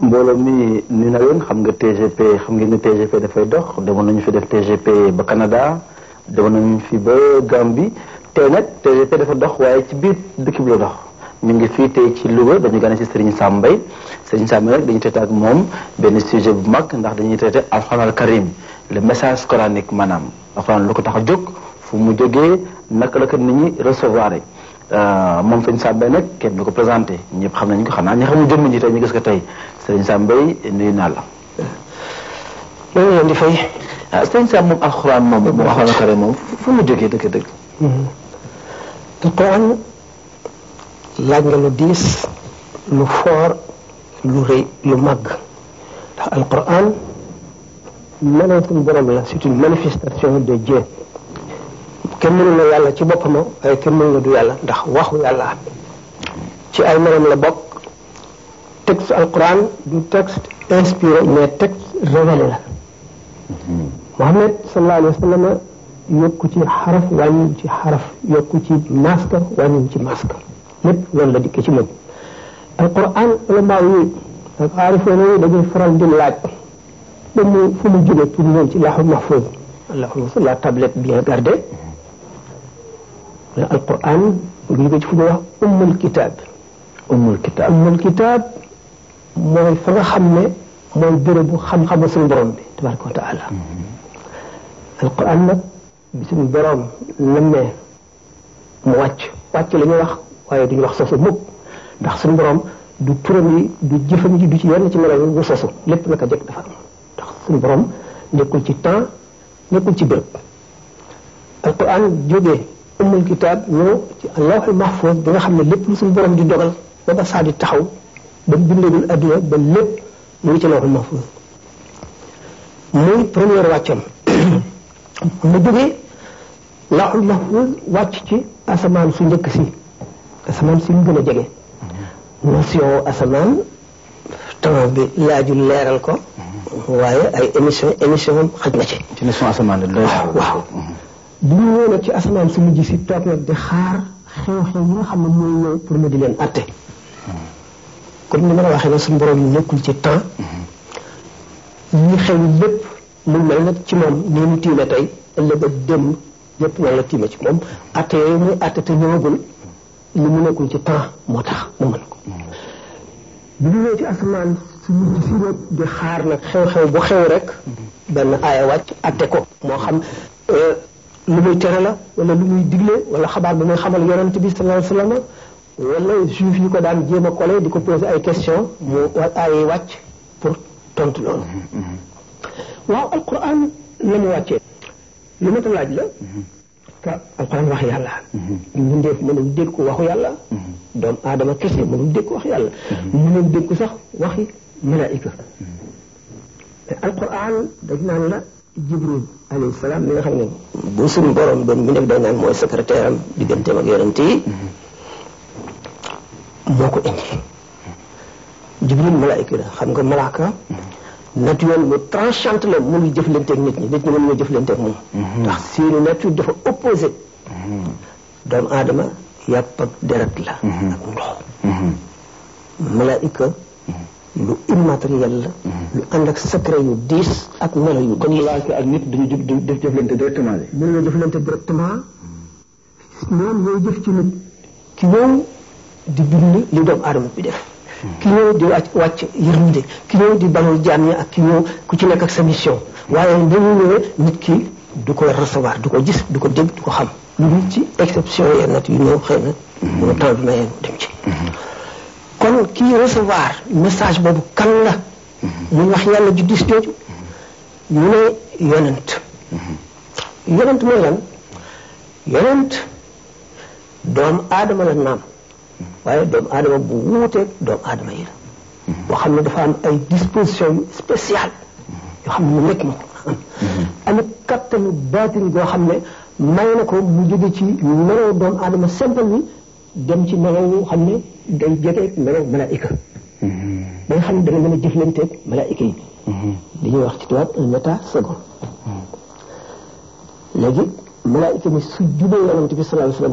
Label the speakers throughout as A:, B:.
A: mbooloo mi nii na leen xam nga TGP xam nga ne TGP dafay dox demoon nañu fi def TGP ba Canada demoon nañu fi ba Gambie tey nag TGP dafa dox waaye ci biir dëkk bi la dox ñu ngi fii tey ci Louga dañu gane ci Serigne Sam Mbaye Serigne Sam dañu nag ak moom benn sujet bu mag ndax dañuy traité Alxuraan al Karim le message coranique maanaam Alxuraan lu ko tax a jóg fu mu jógee naka la ni nit ñi recevoir Euh, moom sëñ Sambey nag kenn du ko présenté ñëpp xam nañu ko xam naa ñi xamul jëmm ji tey ñu gis ko tey sëñ Sambey nuyu naa la. loolu leen fay ah sëñ Samb moom alxuraan moom moom alxuraan xare moom fu mu jógee dëgg dëgg. alxuraan mhm. laaj nga lu diis lu foor lu rëy lu màgg ndax alxuraan meloon suñu borom la c'est une manifestation de Dieu. kenn mënul na yàlla ci boppam waaye kenn na du yàlla ndax waxu yàlla ci ay melam la bokk texte alquran du texte inspiré mais texte révélé la Muhammad sallallahu alayhi wa sallam yokku ci xaraf wàññiwu ci xaraf yokku ci masque wàññiwu ci ci moom alquran alquran nga jóge ci fu ñuy wax ummul kitaab ummul kitaab mooy fa xam ne mooy bérébu xam-xamu suñu borom bi tabaraka wa taala mm-hmm. alquran nag bi suñu borom lëmmee mu wàcc wàcc la ñuy wax waaye duñu wax sosu mukk ndax suñu borom du turam yi du jëfam yi du ci yenn ci melo bu sosu lépp naka jëkk dafa am ndax suñu borom nekkul ci temps nekkul ci béréb alquran jógee ummul kitaab ñëw ci lawhul mahfuz bi nga xam ne lépp lu suñu borom di dogal ba ba saa di taxaw ba bindagul adduna ba lépp mu ngi ci lawhul mahfuz muy première wàccam mu jógee lawhul mahfuz wàcc ci asamaan su njëkk si asamaan si mu gën a jege notion asamaan temps bi laajul leeral ko mm-hmm. waaye ay émission xaj na ci ci notion asamaan waaw mm-hmm. bu ñu ñëwee ci asamaan su mujj si toog nag di xaar xew-xew yi nga xam ne mooy ñëw pour ma di leen atte comme ni ma la waxee nag suñu borom yi nekkul ci temps yi xew lépp mu mel nag ci moom nii mu tiime tey ëllëg ak démb yépp noonu la tiime ci moom atte yooyu muy atte te ñëwagul li mu nekkul ci temps moo tax mu mën ko bu ñu ñëwee ci asamaan su mujj si rek di xaar nag xew-xew bu xew rek benn aaya wàcc atte ko moo xam euh, lu muy tere la wala lu muy digle wala xabaar bi muy xamal yonent bi sallallahu alayhi wasallam wala juif ko daan jéem a collé di ko poser question mu ay wàcc pour laaj la ka alquran mm-hmm. ko waxu yàlla mm-hmm. doomu aadama kese mënul mm-hmm. dégg ko sax waxi malaayika mais alquran dañ naan la jibril alayhi salaam mi nga xam ne bu suñu borom doon mu nekk day naan mooy secrétaire am digganteem ak yonent moo ko indi jibril malaayka la xam nga malaaka naturel mu tranchante la mu ngi jëflanteeg nit ñi nit ñi mënuñu jëflanteeg moom mm-hmm. ndax seeni nature dafa opposé mm-hmm. doomu aadama yàpp ak deret la mm-hmm. ak ndox lu immatériel la. lu ànd ak secret yu diis ak melo yu. kon laajte ak nit dañuy jëf def jëflante directement de. mën na jëflante directement moom mooy jëf ci nit ki ñëw di bind li doomu aadama bi def. ki ñëw di wàcc wàcc ki ñëw di banal jaam ak ki ñëw ku ci nekk ak sa mission. waaye dañu nit ki du ko recevoir du ko gis du ko dégg du ko xam. lu dul ci exception yenn nat yu ñëw xëy na. ñu temps bi mayee dem ci. kon kii recevoir message boobu kan la mm-hmm. mu wax yàlla ju dis jooju ñu mm-hmm. ne yonent mm-hmm. yonent mooy lan yonent doomu adama la naam waaye doomu aadama bu wuuteeg doomu aadama yi la boo xam ne dafa am ay disposition yu yoo xam ne mu nekk ma ko am kattanu baatin goo xam ne may na ko mu jóge ci meloo doomu aadama simple bi dem ci melow xam ne day jeteeg melow malaayika mm-hmm. ba nga xam ne da nga mën a jëflanteeg malaayika yi mm-hmm. li ñuy wax ci tubaab un état second mm-hmm. léegi malaayika mi su jubee yonent bi sallallahu xam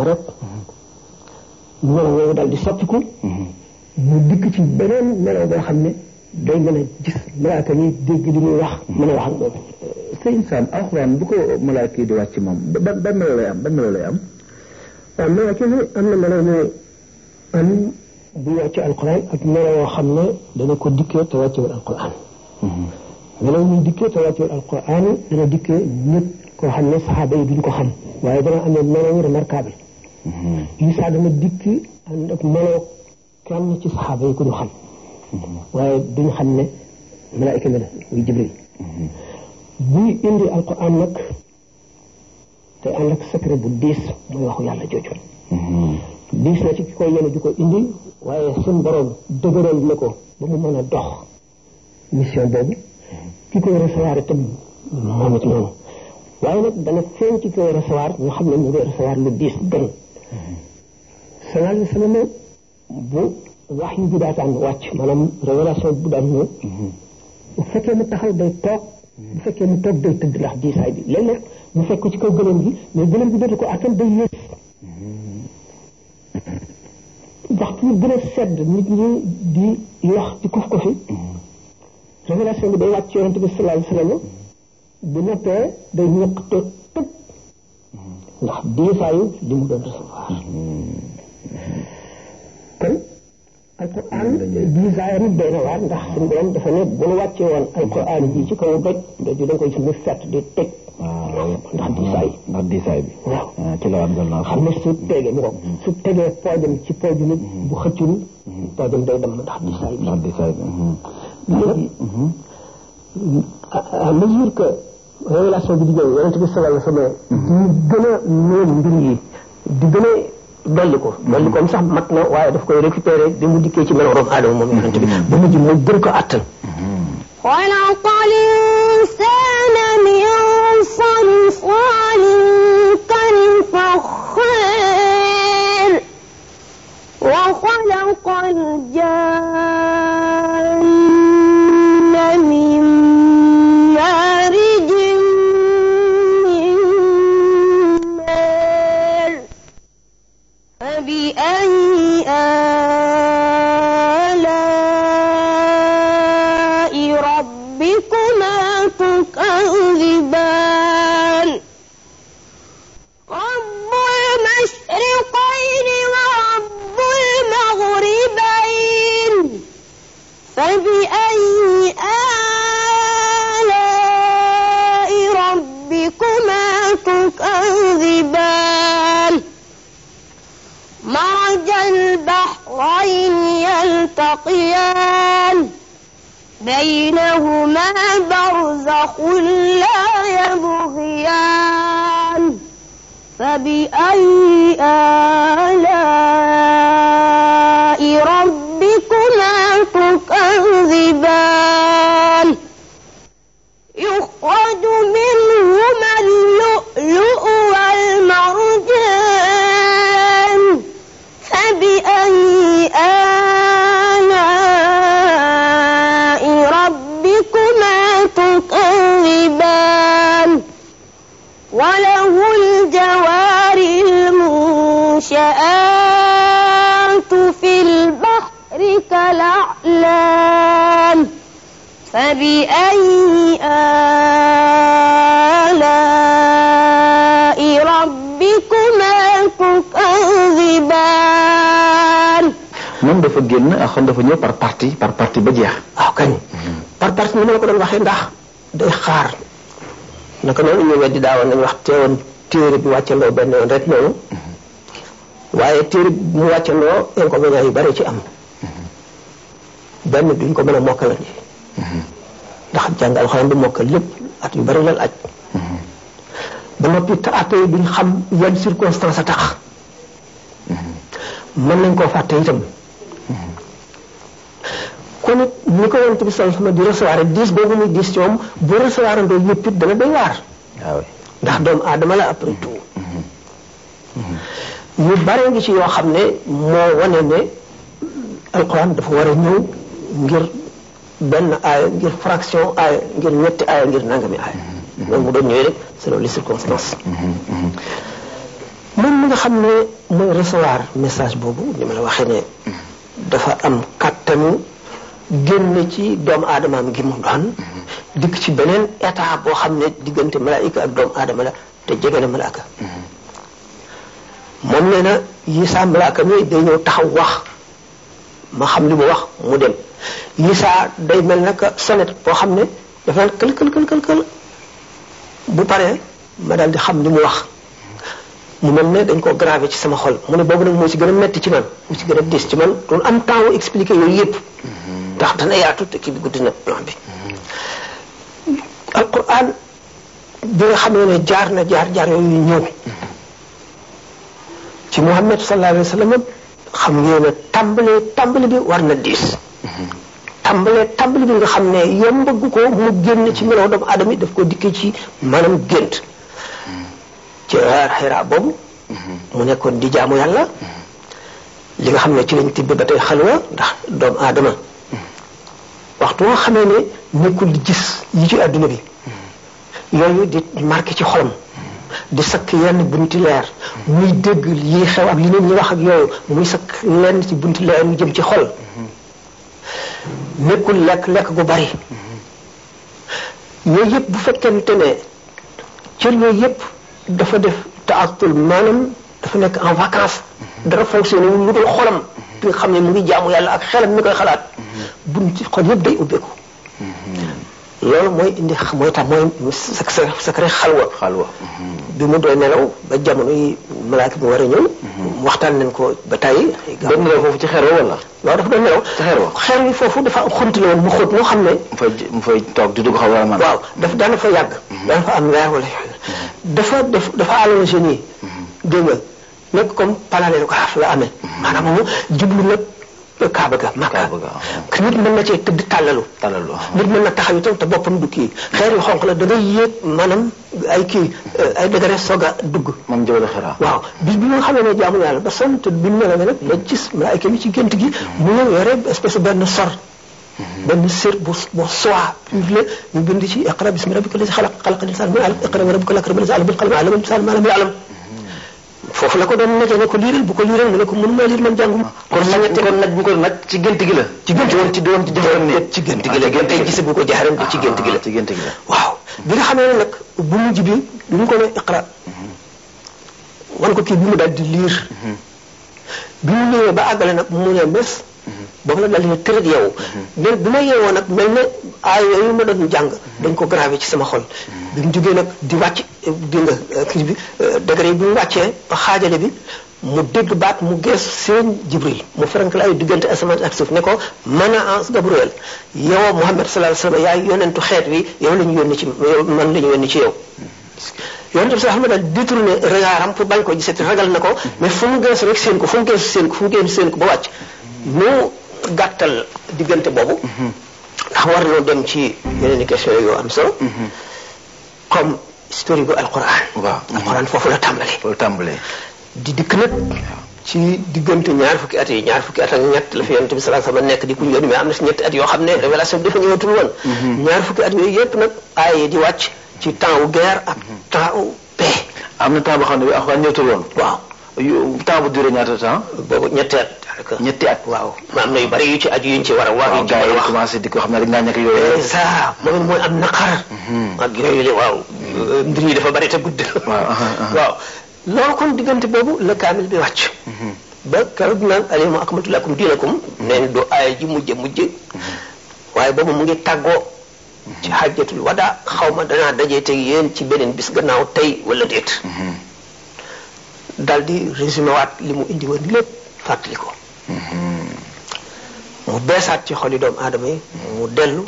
A: ne day mën a gis malaaka yi dégg li muy wax mën a wax ak moom sëñ Sam alxuraan bu ko malaaka yi di wàcc moom ban ban melo lay am ban waaw malaaka yi am na melo mu am ak melo yoo xam ne ko dikkee te wàccewul alquran mhm. melo muy dikkee te wàccewul alquran dana dikkee nit koo xam ne saxaaba yi duñ ko xam waaye dana amee melo remarquable mhm. Isa dana dikk ànd ak melo kenn xam mhm. waaye te ànd ak secret bu diis mooy waxu yàlla jooju. Mm-hmm. diis na ci koy yéene di ko indi waaye suñu borom dëgëral na ko ba mu mën a dox mission boobu ki koy recevoir itam moom it noonu waaye nag dana feeñ ci koy recevoir ñu xam ne ñu koy recevoir lu diis gën. Mm-hmm. sallallahu alayhi wa sallam bu wax yu bi daataan wàcc maanaam révélation bu daan ñëw. Mm-hmm. bu fekkee mu taxaw day toog bu fekkee mu toog day tëdd ndax diisaay bi léeg-léeg mu fekk ko ci kaw gëlëm gi mais gëlëm gi dootu ko attan day yées waxtu yu gën a sedd nit ñi di yox di kuf ko révélation bi day wàcc bi sallallahu alayhi te tëb ndax diifaayu li mu doon na waar ndax suñu borom dafa ne bu nu wàccee woon alquran ji ci kaw doj doj da nga koy gis mu fett di tëj ndax diisaay ndax diisaay bi eh, ci la am naa xam ne su tege mu ko mm-hmm. su tegee poojam ci pooju nit mm-hmm. bu xëccul mm-hmm. poojam day dem ndax diisaay bi ndax diisaay bi léegi à mesure que révélation bi di ñëw yonente bi sallallahu alayhi wasallam di gën a néew mbir yi di gën a dolli ko dolli ko sax mat na waaye daf koy récupérer di mu dikkee ci melo room aadama moom yonente bi ba mujj mu gën ko attan
B: يلتقيان بينهما برزخ لا يبغيان فبأي آلاء ربكما تكذبان شآلت في البحر كالأعلام فبأي آلاء ربكما تكذبان
A: moom dafa génn ak xam dafa ñëw par partie par partie ba jeex waaw ah, kañ mm-hmm. par partie ni ma la ko doon waxee ndax day xaar naka noonu ñu weddi daawoon nañ wax teewoon téere bi wàccandoo benn yoon rek noonu waaye téere mu wàccandoo inconvénients yu bari ci am benn duñ ko mën a mokkale ji ndax jàng alxuraan du mokkal lépp at yu bari la laaj ba noppi te atte yi xam yan circonstance a mën nañ koo fàtte itam kon it ni ko yonent bi sallallahu alayhi wasallam di recevoir diis boobu muy diis ci moom bu recevoir andoo yëpp dana doy waar ah ndax doomu aadama la après tout yu bare ngi ci yoo xam ne moo wane ne alquran dafa war a ñëw ngir benn aaya ngir fraction aaya ngir ñetti aaya ngir nangami aaya mm-hmm. loolu mu doon ñëwee rek selon les circonstances mm-hmm. Mm-hmm. moom mi nga xam ne mooy recevoir message boobu ni ma la waxee ne dafa am kattanu génn ci doomu aadamaam gi mu doon dikk ci beneen état boo xam ne diggante malaayika ak doomu aadama la te jege na malaaka moom nee na yi saa malaakam yooyu day ñëw taxaw wax ma xam li mu wax mu dem yi day mel naka sonnette boo xam ne dafa naan kël kël kël bu paree ma daal di xam li mu wax mu mel ne dañ ko gravé ci sama xol mu ne boobu nag moo ci gën a metti ci man moo ci gën a diis ci man doon am temps wu yooyu yëpp mm-hmm. ndax dana yaatu te kii bi guddi na plan bi mm-hmm. alquran bi nga xam ne jaar na jaar jaar yooyu ñëw mm-hmm. ci Muhammad sallallahu alayhi wa sallam xam ngeen ne tàmbale tàmbale bi war na diis. tàmbale tàmbale bi nga xam ne yombagu ko mu génn ci melaw doomu aadama yi daf ko dikkee ci maanaam gént. ci xeraa boobu. mu nekkoon di jaamu yàlla. li nga xam ne ci lañ tibb ba tey xalwa ndax doomu aadama. waxtu nga xamee ne nekkul di gis yi ci àdduna bi. yooyu di marqué ci xolam. di sakk yenn bunti leer muy dégg yi xew ak li nit ñi wax ak yooyu muy sakk lenn ci bunti leer mu jëm ci xol nekkul lekk lekk gu bari yooyu yëpp bu fekkente ne cër yooyu yëpp dafa def taatul maanaam dafa nekk en vacances dara fonctionné wu lu dul xolam bi xam ne mu ngi jaamu yàlla ak xelam mi koy xalaat bunti xol yëpp day ubbeeku loolu mooy indi mooy tax mooy sa secret xalwa xalwa bi mu doon nelaw ba jamono yi malaaka bi war a ñëw mm-hmm. waxtaan nañ ko ba tàyyi doon nelaw foofu ci xeer wa wala waaw dafa wa xeer wi foofu dafa am xont la woon mu xóot moo xam ne mu fay toog di dugg xaw a man waaw daf daana fa yàgg mm-hmm. daana fa am weer mm-hmm. dafa def dafa àlloon jeunes yi nekk kom parallèle ko la amee maanaam moom jublu nag kaaba ga makka ah. nit mën na cee tëdd tàllalu ah. nit mën na taxaw itam te boppam du kii xeer yu xonq la da ngay yéeg maanaam ay kii eh, ay degré soog a dugg moom jawla xira ah. waaw bis bi nga xamee ne jaamu yàlla ba sant bi mu mel ne nag la gis malaayka bi ci gént gi mu ñëw yore espèce benn sor mhm. benn sër bu bu soie publié ñu bind ci iqra bismi rabbika lazi xalaq xalaqal insaana min alaq iqra wa rabbuka lakram lazi allama bil qalam allama al insaana ma lam ya'lam foofu la ko doon nekkee ne ko liiral bu ko liiral mu ne ko mënuma liir man jànguma kon nag kon nag bu ko nag ci gént gi la ci gént woon ci doon ci jaxaram ne ci gént gi la tey gise bu ko jaxaram ci gént gi la ah, ci gént gi la waaw bi nga xamee ne nag bu mujj bi lu mu ko ne iqra mm-hmm. wan ko kii bi mu daal di liir mm-hmm. bi mu ñëwee ba àggale nag mu ne mes ba mu la dalee tërët yeewu mais bu ma yeewoo nag mel ne aay yooyu ma doon jàng dañ ko gravé ci sama xol bi mhm. mu jógee nag di wàcc di nga euh, kii bi euh, degré yi bi mu wàccee xaajale bi mu dégg baat mu gees seen jibril mu ferank la ay diggante asamaan ak suuf ne ko man a ans Gabriel yow Muhammad sallallahu alayhi wa sallam yaay yonentu xeet wi yow la ñu yónni ci man la ñu ci yow yonent bi sax pour bañ ko gisati ragal na ko mhm. mais fu mu gees rek seen ko fu mu gees fu mu gees seen ko ba wàcc ñu gàttal diggante boobu. Mhm. ndax war nañoo dem ci yeneen question yoo am solo. Mhm. comme historique bu alquran. waaw alquran foofu la tàmbalee. foofu la tàmbalee. di dikk nag. ci diggante ñaar fukki at yi ñaar fukki at ak ñett la fi yonent bi sallallahu alayhi nekk di ku ñu yónni am na si ñetti at yoo xam ne révélation bi dafa ñëwatul woon. Mhm. ñaar fukki at yooyu yëpp nag aay di wàcc. ci temps wu guerre ak temps wu paix. am na temps boo xam ne bi alquran ñëwatul woon. yu temps bu duré ñaata temps. boobu ñetti at. ñetti at waaw. am na yu bari yu ci aju yu ñu ci war a wax. yu ci war wax waaw gars yi commencé di ko xam naa ñàkk yooyu. ça moom mooy am naqar. Mhm. ak yooyu la waaw. gudd. waaw waaw. kon diggante boobu la kaamil bi wàcc. Mhm. ba keroog naan alyawma akmaltu lakum diinakum. Mhm. neen doo aaya ji mujj mujj. waaye boobu mu ngi tàggoo. ci xajjatul wada xaw ma danaa dajee te yéen ci beneen bis gannaaw tey wala déet. dal di li mu indi woon lépp fàttali ko mm-hmm. mu beesaat ci xoli doomu aadama yi mu dellu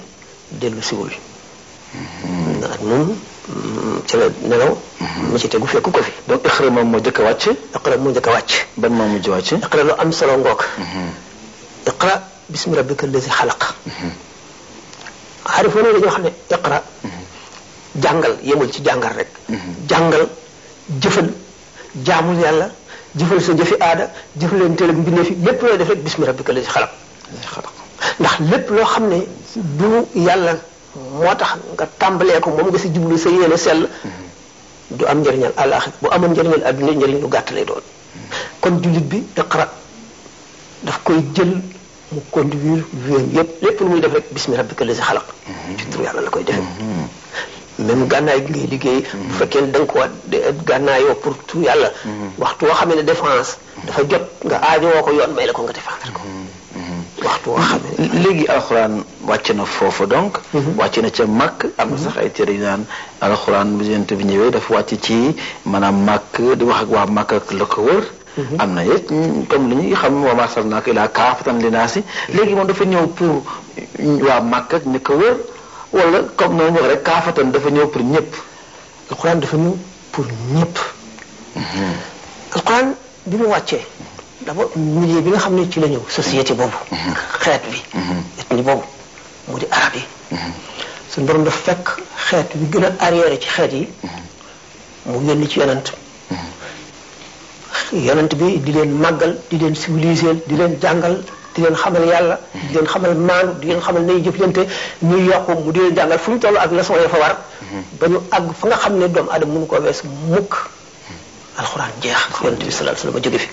A: dellu siwul mm-hmm. ak moom mm, ci la nelaw mm-hmm. mu ci tegu fekk ko fi donc iqra moom moo njëkk a wàcc iqra moo njëkk a wàcc ban moo mujj wàcc iqra lu am solo ngoog iqra bismi rabbika allazi xalaq xaarifoo ne dañoo xam ne iqra jàngal yemul ci jàngal rek jàngal jëfal jaamul yàlla jëfal sa jëfi aada jëflanteel ak mbindeef yi lépp looy def rek bismi rabbika la si xalaq ndax lépp loo xam ne du yàlla moo tax nga tàmbalee ko moom nga si jublu sa yéene sell du am njëriñal àllaaxira bu amoon njëriñal àdduna njëriñ lu gàtt lay doon kon jullit bi iqra daf koy jël mu conduire wéen yépp lépp lu muy def rek bismi rabbika la si xalaq ci yàlla la koy defee même gànnaay gi liggéey. Mm-hmm. bu fekkee ne da nga koo gànnaayoo pour tout yàlla. Mm-hmm. waxtu woo xam ne défense. dafa jot nga aajowoo ko yoon may la ko nga défendre ko. Mm-hmm. waxtu woo xam ne léegi alxuraan wàcc na foofu donc. wàcc na ca màkk am na sax ay téere yu naan alxuraan bu yonent bi ñëwee dafa wàcc ci maanaam màkk di wax ak waa màkk ak la ko wër. am na yëpp comme li ñuy xam wa maa arsalnaaka illaa kaafatan linnaasi léegi moom dafa ñëw pour waa màkk ak ñi ko wala comme noonu ñu wax rek kaafatan dafa ñëw pour ñëpp alxuraan dafa ñëw pour ñëpp alxuraan bi mu wàccee dafa milieu bi nga xam ne ci la ñëw societé boobu xeet bi ethnie boobu mu di arab yi suñu borom dafa fekk xeet bi gën a arrière ci xeet yi mu yónni ci yonent yonent bi di leen màggal di leen civiliser di leen jàngal di leen xamal yàlla di leen xamal maanu di leen xamal nay jëflante ñuy yokku mu di leen jàngal fu ñu toll ak leçon ya fa war ba ñu àgg fa nga xam ne doomu aadama mënu ko wees mukk alxuraan jeex yonent bi sallallahu alayhi wasallam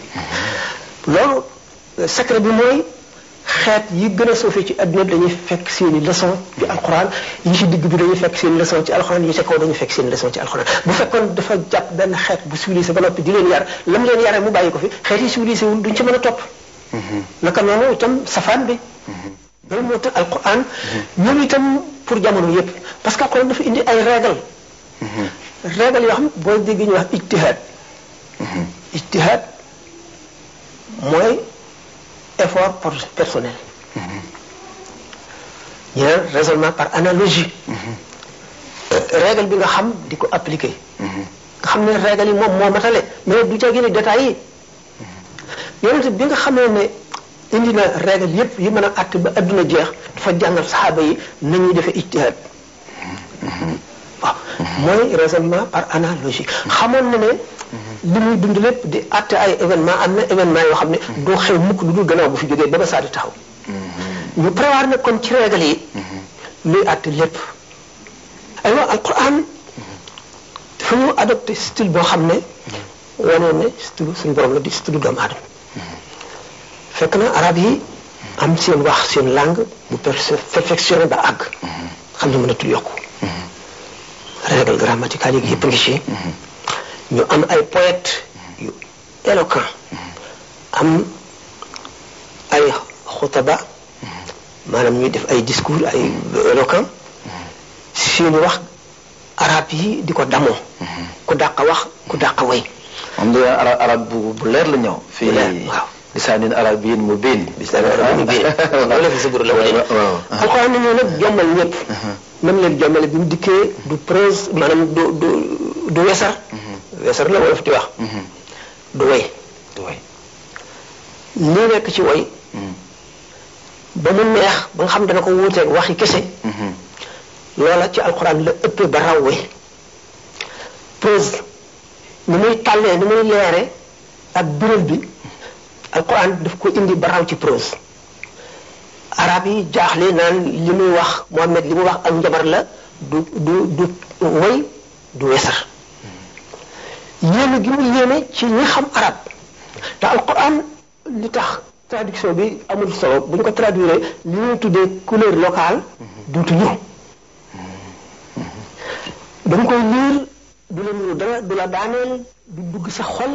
A: fi loolu secret bi mooy xeet yi gën a suufee ci adduna dañuy fekk seeni leçon ci alxuraan yi ci digg bi dañuy fekk seeni leçon ci alxuraan yi ci kaw dañuy fekk seeni leçon ci alxuraan bu fekkoon dafa jàpp benn xeet bu civilisé ba noppi di leen yar lam leen yaree mu ko fi xeet yi civilisé wul duñ ci mën a topp Mm-hmm. naka noonu itam safaan bi. Mm-hmm. loolu moo tax alquran. ñoom itam pour jamono yépp parce que alquran dafa indi ay règle. Mm-hmm. règle yoo xam boo dégg ñu wax ijtihaad. ijtihaad mooy effort personnel. ñu ne par analogie. Euh, règle bi nga xam di ko appliquer. nga xam ne règle yi moom moo matale mais du ca génne détails yonent bi nga xamee ne indi na règle yépp yi mën a àtt ba adduna jeex dafa jàngal saxaaba yi nañuy defee ijtihaad waaw mooy raisonnement par analogie xamoon na ne li muy dund lépp di àtte ay événement am na événement yoo xam ne doo xew mukk lu dul gannaaw bu fi jógee ba ba saa di taxaw ñu prévoir na kon ci règle yi luy àtte lépp aywa alquran dafa ñu adopté style boo xam ne wanee ne si tudd suñu borom la di si tudd doomu aadama fekk na arab yi am seen wax seen langue bu perfectionné ba àgg xam ne mënatul yokku règle grammaticale yi yëpp ngi ci ñu am ay poète yu éloquent am ay xutaba maanaam ñuy def ay discours ay éloquent seeni wax arab yi di ko damoo ku dàq wax ku dàq way moom la arab arab bu bu leer la ñëw. fii waaw lisaanin arabiyyin mubiin. lisaanin arabiyyin mubiin. loolu la fi sukkur la wane. waaw alxuraan na ñoo jommal ñëpp. Uh-huh. nam leen jommale bi mu dikkee du prose maanaam du du du wesar. Uh-huh. la wolof di wax. Uh-huh. du way. du way nekk ci way. ba mu neex ba nga xam dana ko wuuteeg waxi kese. loola ci alxuraan la ëppee ba raw ni muy tàllee ni muy leere ak biral bi alquran daf ko indi ba raw ci prose arab yi jaaxle naan li muy wax Mohamed li muy wax ak njabar la du du du du wesar yéene gi mu yéene ci ñi xam arab te alquran li tax traduction bi amul solo bu ñu ko traduire li ñuy tuddee couleur locale mhm. duutu ñu mhm. mhm. dañ koy lire du la nuru dara du la daaneel du dugg sa xol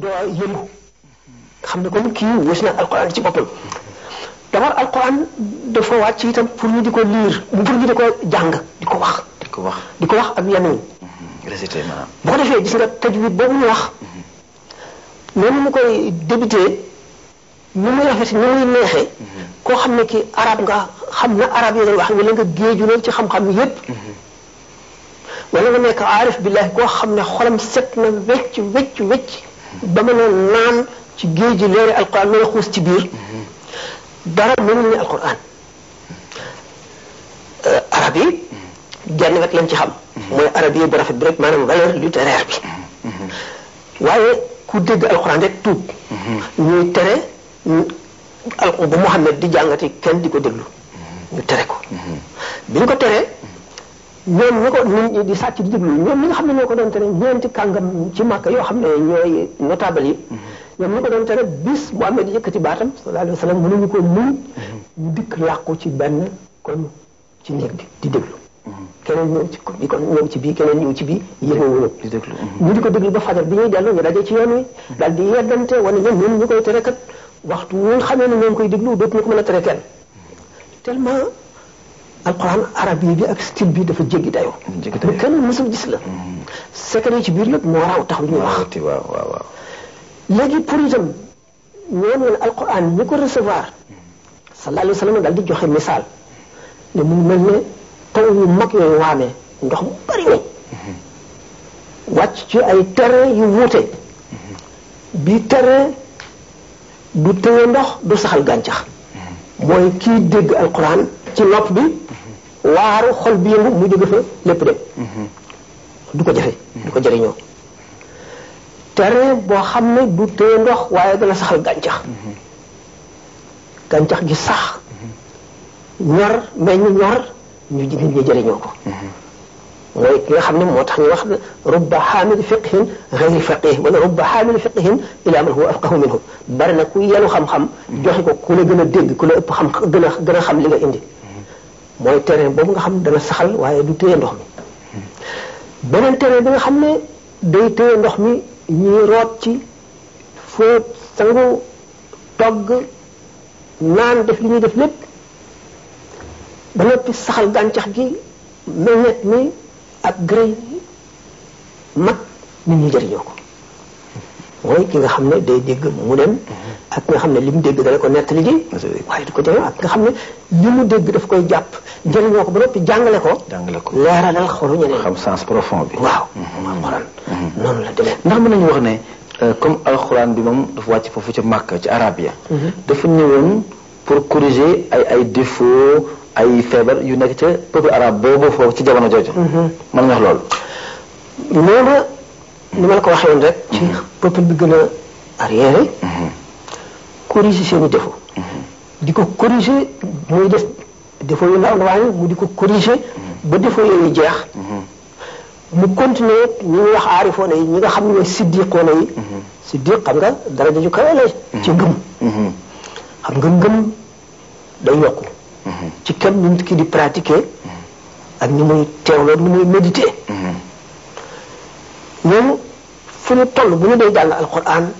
A: doo yëngu xam ne kon kii wës na alquran ci boppam d'abord alquran dafa wàcc itam pour ñu di ko liir pour ñu di ko jàng di ko wax. di ko wax di ko wax ak yeneen.
C: Mm-hmm. récité maanaam.
A: boo ko defee gis nga tajwid boobu ñu wax. Mm-hmm. noonu mu koy débuté ni muy rafet ni muy neexee. Mm-hmm. koo xam ne kii arab nga xam na arab yi lay wax wala nga géeju lool ci xam-xam yépp wala nga nekk aarif billahi koo xam ne xolam set na wecc wecc ba mën a naan ci géej gi leeri alquran mën xuus ci biir dara mënul ne alquran euh, arab yi genn rek lañ ci xam mooy arab yi bu rafet bi rek maanaam valeur littéraire bi waaye ku dégg alquran rek tuub ñuy tere bu Muhammad di jàngati kenn di ko déglu ñu tere ko bi ñu ko teree ñoom ñi ko nit ñi di sàcc di jublu ñoom ñi nga xam ne ñoo ko doon tere ñeenti kàngam ci màkk yoo xam ne ñooy notable yi mm-hmm. ñoom ñi ko doon tere bis bu amee di yëkkati baatam sallallahu alayhi wa sallam mënuñu ko muñ ñu mm-hmm. dikk làqu ci benn kon ci néeg bi di déglu mm-hmm. keneen ñëw ci bi kon ñëw ci bii keneen ñëw ci bii yénewulo ñu di ko déglu ba fajar bi ñuy dellu ñu daje ci yoon wi daal di yeddante wane ñoom ñun ñu koy tere kat waxtu wuñ xamee ne ñoo ngi koy déglu dootuñu ko mën a tere kenn tellement alquran arabe bi ak style bi dafa jéggi dayoo. jéggi dayoo kenn mësul gis la. Mm-hmm. secret ci biir nag moo raw tax ñuy wax. waaw léegi pour itam ñooñu woon alquran ñi ko recevoir. sallallahu alayhi wa daal di joxe misaal ne mu mel ne taw yu mag yooyu waamee ndox mu bari nañ. Mm-hmm. wàcc ci ay terrain yu wuute. Mm-hmm. bi terrain du téye ndox du saxal gàncax. mooy kiy dégg alquran ci nopp bi. waaru xol bi yëngu mu jóge fa lépp dem du ko jafe du ko jëriñoo terrain boo xam ne du téye ndox waaye dana saxal gàncax gàncax gi sax ñor meññ ñor ñu ñu jëriñoo ko mooy ki nga xam ne moo tax ñu wax rubba xaamil fiqhin gayri faqih wala rubba xaamil fiqhin ila man huwa afqahu minhum bari na ku yenu xam-xam joxe ko ku la gën a dégg ku la ëpp xam gën gën a xam li nga indi mooy terrain boobu nga xam ne dana saxal waaye du téye ndox mi beneen terrain bi nga xam ne day téye ndox mi ñuy root ci fóot sangu togg naan def li ñuy def lépp ba noppi saxal gàncax gi meññet mi ak gré mag nit ñi jëriñoo ko mooy ki nga xam ne day dégg mu dem ak nga xam ne li mu dégg dana ko nettali ji waaye du ko jëriñoo ak nga xam ne li mu dégg daf koy jàpp jëriñoo ko ba noppi jàngale ko jàngale ko leeralal xolu ñeneen xam sens profond bi waaw mhm. alxuraan mhm. noonu la demee ndax mën nañu wax ne euh, comme alxuraan bi moom dafa wàcc foofu ca Màkka ci arab ya mhm. dafa ñëwoon pour corriger ay ay ay feebar yu nekk ca peuple arabe boobu foofu ci jamono jooju mën nga wax loolu loolu ni ma la ko waxee woon rek ci peuple bi gën a arrière corriger seeni défaut di ko corriger muy def défaut yu la waaye mu di ko corriger ba défaut yooyu jeex mu continuer ñi ñuy wax aarifoona yi ñi nga xam ne ñooy siddiqoona yi siddiq xam nga dara ju kawe ci ngëm xam nga ngëm day yokku ci kenn nit di pratiquer ak ni muy teewloo ni muy méditer ñooñu fu ñu toll bu ñu dee jàng alquran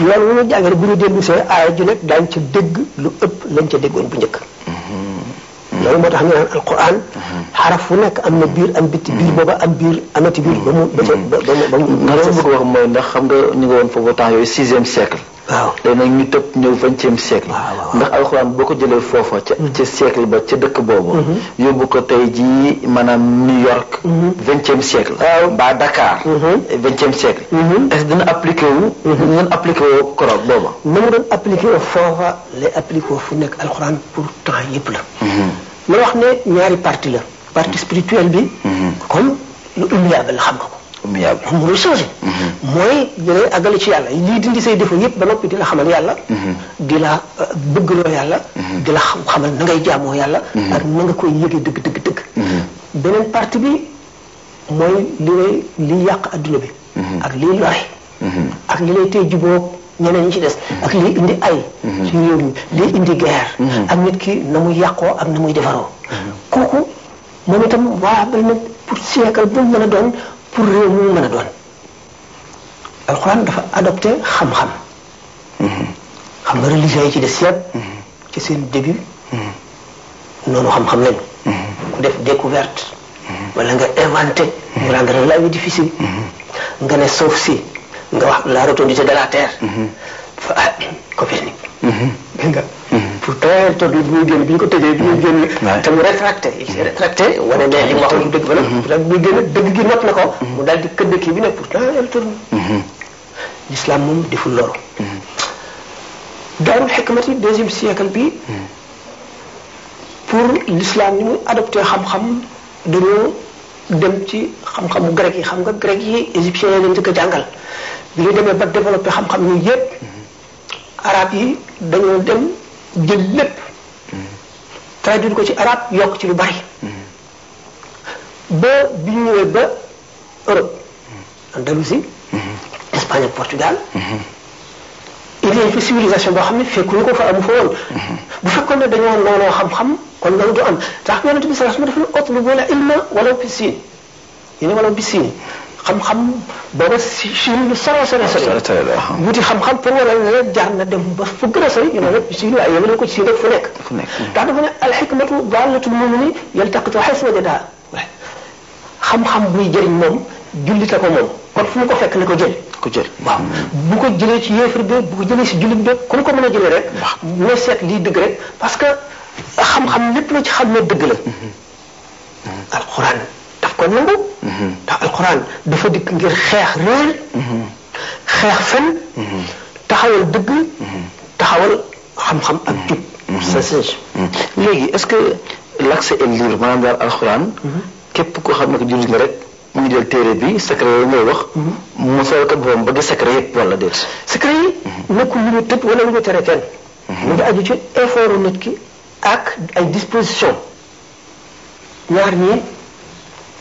A: yoon wu ñu jàngale bu ñu dellu see aaya ju nekk daañu ca dégg lu ëpp lañ ca déggoon bu njëkk mm-hmm. loolu moo tax ñu naan alquran mm-hmm. xaraf fu nekk am na biir am bitti biir mm-hmm. booba am biir amati biir ba mu ba mu ba mu bëgg wax ndax xam nga ñu ngi woon foofu temps yooyu sixième siècle waaw te nag ñu tëb ñëw vingtième siècle ndax alxuraan boo ko jëlee foofa ca mm-hmm. ca siècle ba ca dëkk boobu mm-hmm. yóbbu ko tey jii maanaam New York mm-hmm. vingtième siècle ba Dakar vingtième siècle est-ce dina appliqué wu ñun wu koroog booba na mu doon appliqué wu foofa lay appliqué fu nekk alxuraan pour temps yëpp la ma wax ne ñaari parti la partie spirituelle bi comme lu umu yàbal xam nga ko yàlla amuloo changé. Mm-hmm. mooy ñu lay àggale ci yàlla lii dindi say défaut yëpp ba noppi di la xamal yàlla. Mm-hmm. di la euh, bëggloo yàlla. Mm-hmm. di la xamal na ngay jaamoo yàlla. ak na nga koy yëgee dëgg dëgg dëgg. beneen partie bi mooy li lay li yàq adduna bi. ak liy lore. ak li lay tey juboo ñeneen ñi ci des. ak liy indi ay. ci réew mi liy indi guerre. ak nit ki na muy yàqoo ak na muy defaroo. kooku moom itam waa ba nag pour siècle bu mën a doon. pour réew mu mën a doon alxuraan dafa adopté xam-xam mm-hmm. xam nga religion yi ci des yëpp mm-hmm. ci seen début mm-hmm. noonu xam-xam lañu ku def découverte wala nga inventé mu rendre la vie difficile nga ne suuf si nga wax la rotondité de la terre fa ah, Copernic dégg nga pour très tôt bi muy génn bi ñu te mu rétracté il s'est rétracté wane ne li mu waxoon dëgg ba nag. bu muy na ko. mu daal di këdd kii bi ne pourtant yàlla tur. l'islam moom deful loolu. Mm-hmm. daarul xikmati deuxième siècle bi. Mm-hmm. pour l'islam ni muy dem ci xam-xamu grec yi xam nga grec yi égyptiens yi leen njëkk a jàngal bi ñu demee ba développé xam-xam yooyu yëpp mm-hmm. arab yi dañoo dem. jël lépp traduire ko ci arab yokk ci lu bari ba bi ñu ñëwee ba Europe Andalousie Espagne ak Portugal il y a une civilisation boo xam ne fekkuñu ko fa amu fa woon bu fekkoon ne dañoo noonoo xam-xam kon loolu du am tax yonente bi sallallahu alayhi wasallam dafa ne utlubu ilma walaw bi siin yéen walaw xam-xam booba si Chine lu sore sore sore wuti xam-xam pour waral ne la jaar na dem ba fu gën a sori ñu ne la Chine waaye yemale ko Chine rek fu nekk fu nekk ndax dafa ne al hikmatu daalatul mumini yaltaqitu haysu wajadaha xam-xam buy jëriñ moom jullite ko moom kon fu mu ko fekk na ko jël ko jël waaw bu ko jëlee ci yéefar bi bu ko jëlee si jullit bi ku mu ko mën a jëlee rek na seet lii dëgg rek parce que xam-xam lépp la ci xam ne dëgg la mm-hmm. Mm-hmm. alquran ko nangu. Mhm. ndax alxuraan dafa dikk ngir xeex réer. Mhm. xeex fen. Mhm. taxawal dëgg. taxawal xam-xam ak jub. c'est léegi est-ce que l'accès est libre maanaam daal alxuraan. képp koo xam ne ko jullit nga rek. mu ngi jël téere bi secret yooyu ngay wax. mu soog ko boppam ba di secret yëpp wala déet. secret yi. nekkul lu ñu tëj wala lu ñu tere kenn. mu ngi aju ci effort nit ki ak ay disposition ñaar ñii.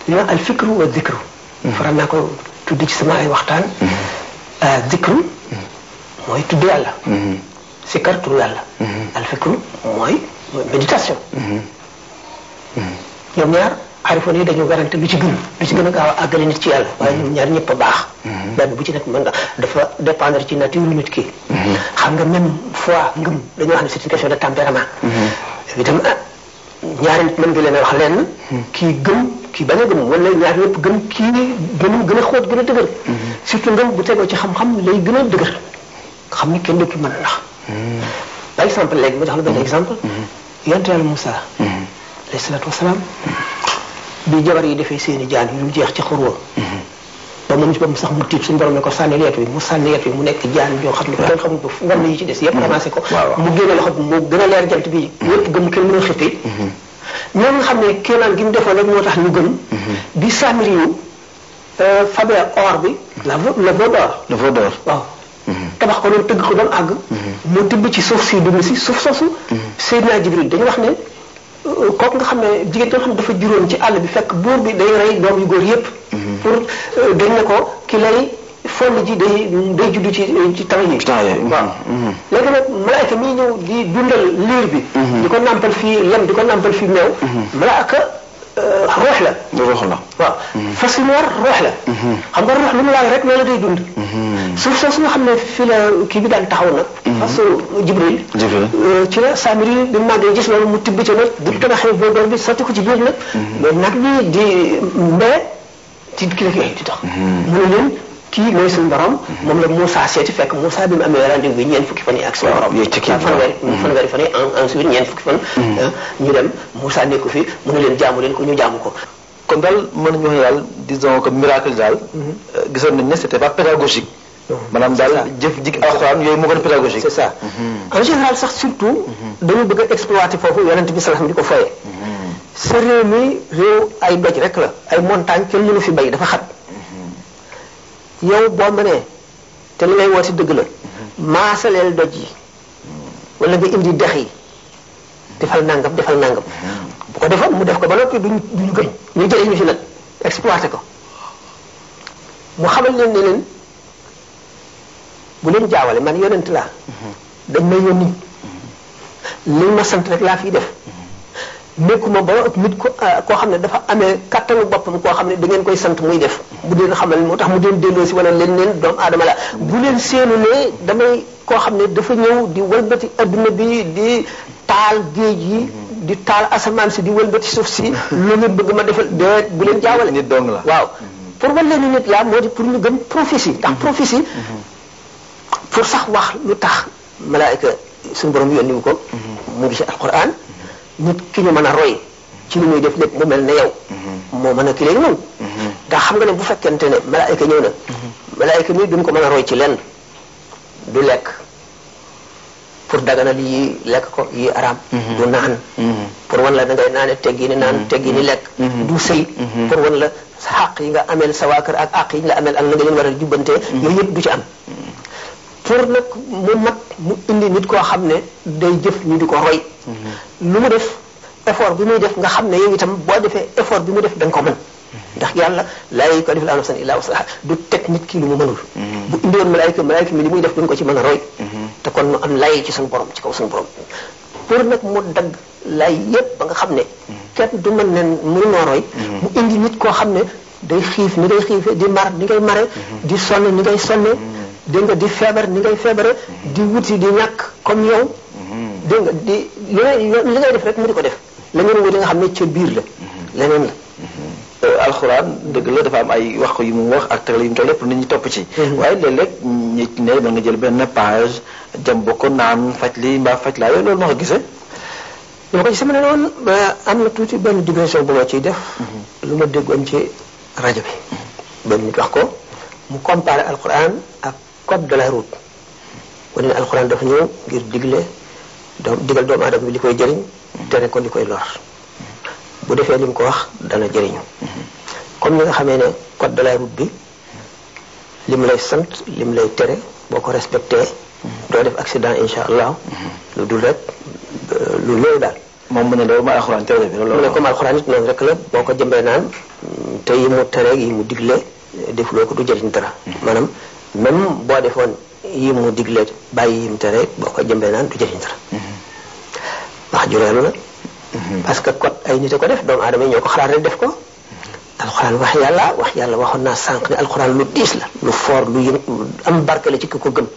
A: dina al fikru wa mm-hmm. tudd ci sama ay waxtaan. Mm-hmm. Euh, dikru. Mm-hmm. tudd yàlla. sikar tudd yàlla. al fikru mooy méditation. ñoom ñaar xarifoon yi dañoo garante lu ci gën lu ci gën a gaaw nit ci yàlla. waaye ñoom ñaar ñëpp a baax. benn bu ci nekk mën nga dafa dépendre ci nature nit ki. xam nga même fois ngëm dañoo xam ne c'est de tempérament. itam ñaari nit mën nga leen a wax lenn. kii gëm. kii bañ a gëm wala ñaar yëpp gëm kii gënu gën a xóot gën a dëgër. surtout ngëm bu tegoo ci xam-xam lay gën a dëgër xam ni kenn dootul mën a nax. par exemple léegi ma jox la benn mhm. exemple. Mhm. yonent Yàlla Moussa. Mhm. alayhi salaatu wa salaam. bi jabar yi defee seen i jaan yu dul jeex ci xurwa. ba moom ba mu sax mu tiit suñu borom ne ko sànni yeet wi mu sànni yeet wi mu nekk jaan joo xam ne kenn ko war na ci des yëpp ramassé ko mu génne loxo bi mu gën a leer jant bi gën gëm kenn mën a xëppee ñoo nga xam ne kéemaan gi mu defoo rek moo tax ñu gëm. bi Samiriyu euh, fabee or bi. la la veau d'or. la veau mhm. tabax ko doon tëgg ko doon àgg. Mhm. mu tibb ci suuf si dund si suuf soosu. Mhm. Seydina Jibril dañu wax ne euh, kooku nga xam ne jigéen ñi nga xam ne dafa juróon ci àll bi fekk buur bi day rey doom yu góor yépp pour dañ euh, ne ko ki fond ji day day juddu ci ci temps yi. temps yooyu waaw. Mm-hmm. léegi nag malaaka mi di dundal liir bi. Mm-hmm. di ko nàmpal fii lem di ko nàmpal fi meew. Mm-hmm. malaaka euh, roox la. roox la waaw. fas yu noor la. xam nga roox lu mu laal rek loolu day dund. suuf soosu nga xam ne fii la kii bi daan taxaw nag. fas jibril. jibril euh, ci la Samiri bi mu màggee gis loolu mu tibb ci nag. bu tabaxee ko ci biir nag. mais nag di mbéy ci kii la mu ne kii mooy suñu borom. moom la Moussa seeti fekk Moussa bi mu amee rendez-vous bi ñeent fukki fan yi ak suñu borom. yooyu ci kii fanweeri yi en ensuite ñeent fukki fan. Mm. Ah, ñu dem Moussa nekku fi mu ne leen jaamu leen ko ñu jaamu ko. kon daal mën nañu wax ne daal disons que miracle daal. Mm-hmm. Euh, gisoon nañ ne c'était pas pédagogique. Mm-hmm. maanaam daal jëf jik alxuraan yooyu moo gën a pédagogique. c'est ça mm-hmm. en général sax surtout. dañu bëgg a exploiter foofu yonent bi salaam di ko foyee. sa réew mi réew ay doj rek la ay montagne kenn mënu fi bay dafa xat. yow boo mënee te li ngay woote dëgg la maasaleel doj yi wala nga indi dex yi defal nangam defal nangam bu ko defoon mu def ko ba noppi duñ ñu gëm ñu jëlee ñu fi nag exploité ko mu xamal leen ne leen bu leen jaawale man yonent laa mhm. dañ may yónni liñ ma sant rek laa fiy def nekkuma ba ëpp nit ko ah, koo xam ne dafa amee kattanu boppam koo xam ne da ngeen koy sant muy def bu deen xamal moo tax mu deen delloo si wala leen leen doomu aadama la bu leen seenu ne damay koo xam ne dafa ñëw di walbati adduna bi di taal géej yi di taal asamaan si di walbati suuf si lu ngeen ma defal déet bu leen jaawale nit dong la waaw pour wal leen nit la moo di pour ñu gëm prophétie ndax mm-hmm. prophétie mm-hmm. pour sax wax lu tax malaayika suñu borom yónni ko mm-hmm. mu ngi ci alquran nit ki ñu mën a roy ci lu muy def lépp mu mel ne yow mm-hmm. moo mën a ki léegi noonu ndax xam nga ne bu fekkente ne malaayka ñëw na mm-hmm. malaayka nii duñ ko mën a roy ci lenn du lekk pour daganal yi lekk ko yi araam mm-hmm. du naan pour wan la da ngay naane teggi ni naan teggi lekk du sëy pour wan la xaq yi nga ameel sa waa kër ak àq yi nga ameel ak la leen war a jubbantee yooyu yëpp du ci am pour nag mu mat mu indi nit koo xam ne day jëf ñu di ko roy
C: mm-hmm.
A: lu mu def effort bi muy def nga xam ne yow tam boo defee effort bi mu def da ko mën mm-hmm. ndax yàlla laa yukallifu llaahu nafsan illaa wus'ahaa du teg nit ki lu mu mënul mm-hmm. bu indi woon malaayika malaayika mi li muy def duñ ko ci mën a roy te kon nu am lay ci suñu borom ci kaw suñu borom pour nag mu dagg lay yépp ba nga xam ne kenn du mën leen mënunoo roy mu indi nit koo xam ne day xiif ni ngay xiife di mar ni ngay mare di sonn ni ngay sonne dégg nga di feebar ni ngay feebare di wuti di ñàkk comme yow dégg nga di li ngay def rek mu di ko def la ngeen wut li nga xam ne ci biir la leneen la euh, alxuraan dëgg la dafa am ay wax ko yu mu wax ak tegle yu mu toll lépp nit topp ci mhm. waaye léeg-léeg nit ne da nga jël benn page jëm ba ko naan faj li mbaa faj laa yooyu loolu noo ko gisee ñoo ko gisee ma ne woon am na tuuti benn dimension bu ma ciy def mhm. lu ma dégg am ci rajo bi mhm. benn nit wax ko mu comparé alxuraan ak code de la route kon ne alxuraan dafa ñëw ngir digle doom digal doomu aadama bi li koy jëriñ tere ko koy lor bu defee ko wax dana jëriñu comme ni nga ne code de la route bi lim lay sant lim lay tere boo ko respecté doo def accident insha allah lu dul rek euh, moom mu ne loolu ma alxuraan tere bi loolu la boo ko jëmbee naan te yi mu tere yi mu digle defuloo ko du jëriñ dara mm-hmm. maanaam même boo defoon yi mu digle bàyyi yi mu tere boo ko jëmbee naan du jëriñ dara wax jureelu la parce que kot ay nit a ko def doomu aadama yi ñoo ko xalaat rek def ko alxuraan wax yàlla wax yàlla waxoon naa sànq ne alxuraan lu diis la lu foor lu yë am barke la ci ku ko gëm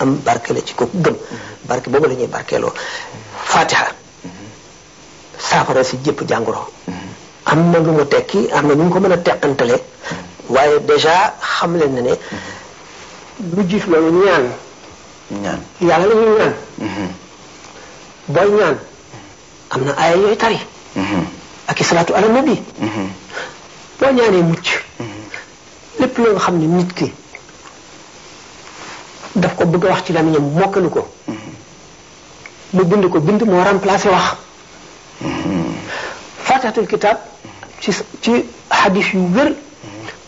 A: am barke la ci ko gëm barke boobu la ñuy barkeeloo fatiha saafara si jëpp jàngoro am na lu mu tekki am na nu ñu ko mën a teqantale waaye déjà xam leen na ne lu jiit loolu ñaan yàlla la ñuy ñaan mm-hmm. booy ñaan am na aaya yooyu tari mm-hmm. ak i salaatu ala nabi mm-hmm. boo ñaanee mucc lépp loo xam ne nit ki daf ko bëgg a wax ci lamiñam mokkalu ko mu bind ko bind moo remplacé wax fatihatul kitab ci ci yu wér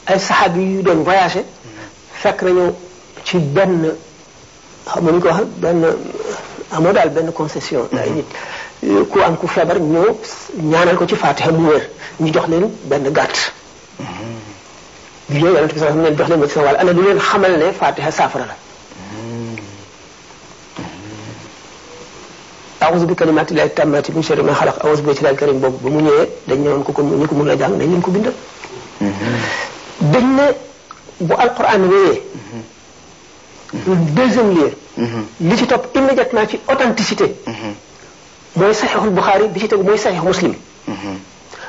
A: ay saxaab yu doon voyage fekk nañu ci benn xam nga ko wax benn amoo daal benn concession mm-hmm. ay nit ku am ku feebar ñëw ñaanal ko ci faatiha mu wér ñu jox leen benn gàtt
C: bi mm-hmm.
A: ñëw yonent bi sax leen jox leen ba ci sa wàll ana lu leen xamal ne faatiha saafara la
C: mm-hmm.
A: awuzu bi kalimaati laahi tammaati min sharri ma xalaq awuzu bi ci laal karim boobu ba mu ñëwee dañ ñëwoon ko ko ñu ko mun la jàng dañ leen ko bindal dañ ne bu alquran wéyee deuxième lieu mm-hmm. li ci topp immédiatement ci authenticité mm-hmm. mooy saxiixul Buxaari bi ci tegu mooy saxiix muslim mm-hmm.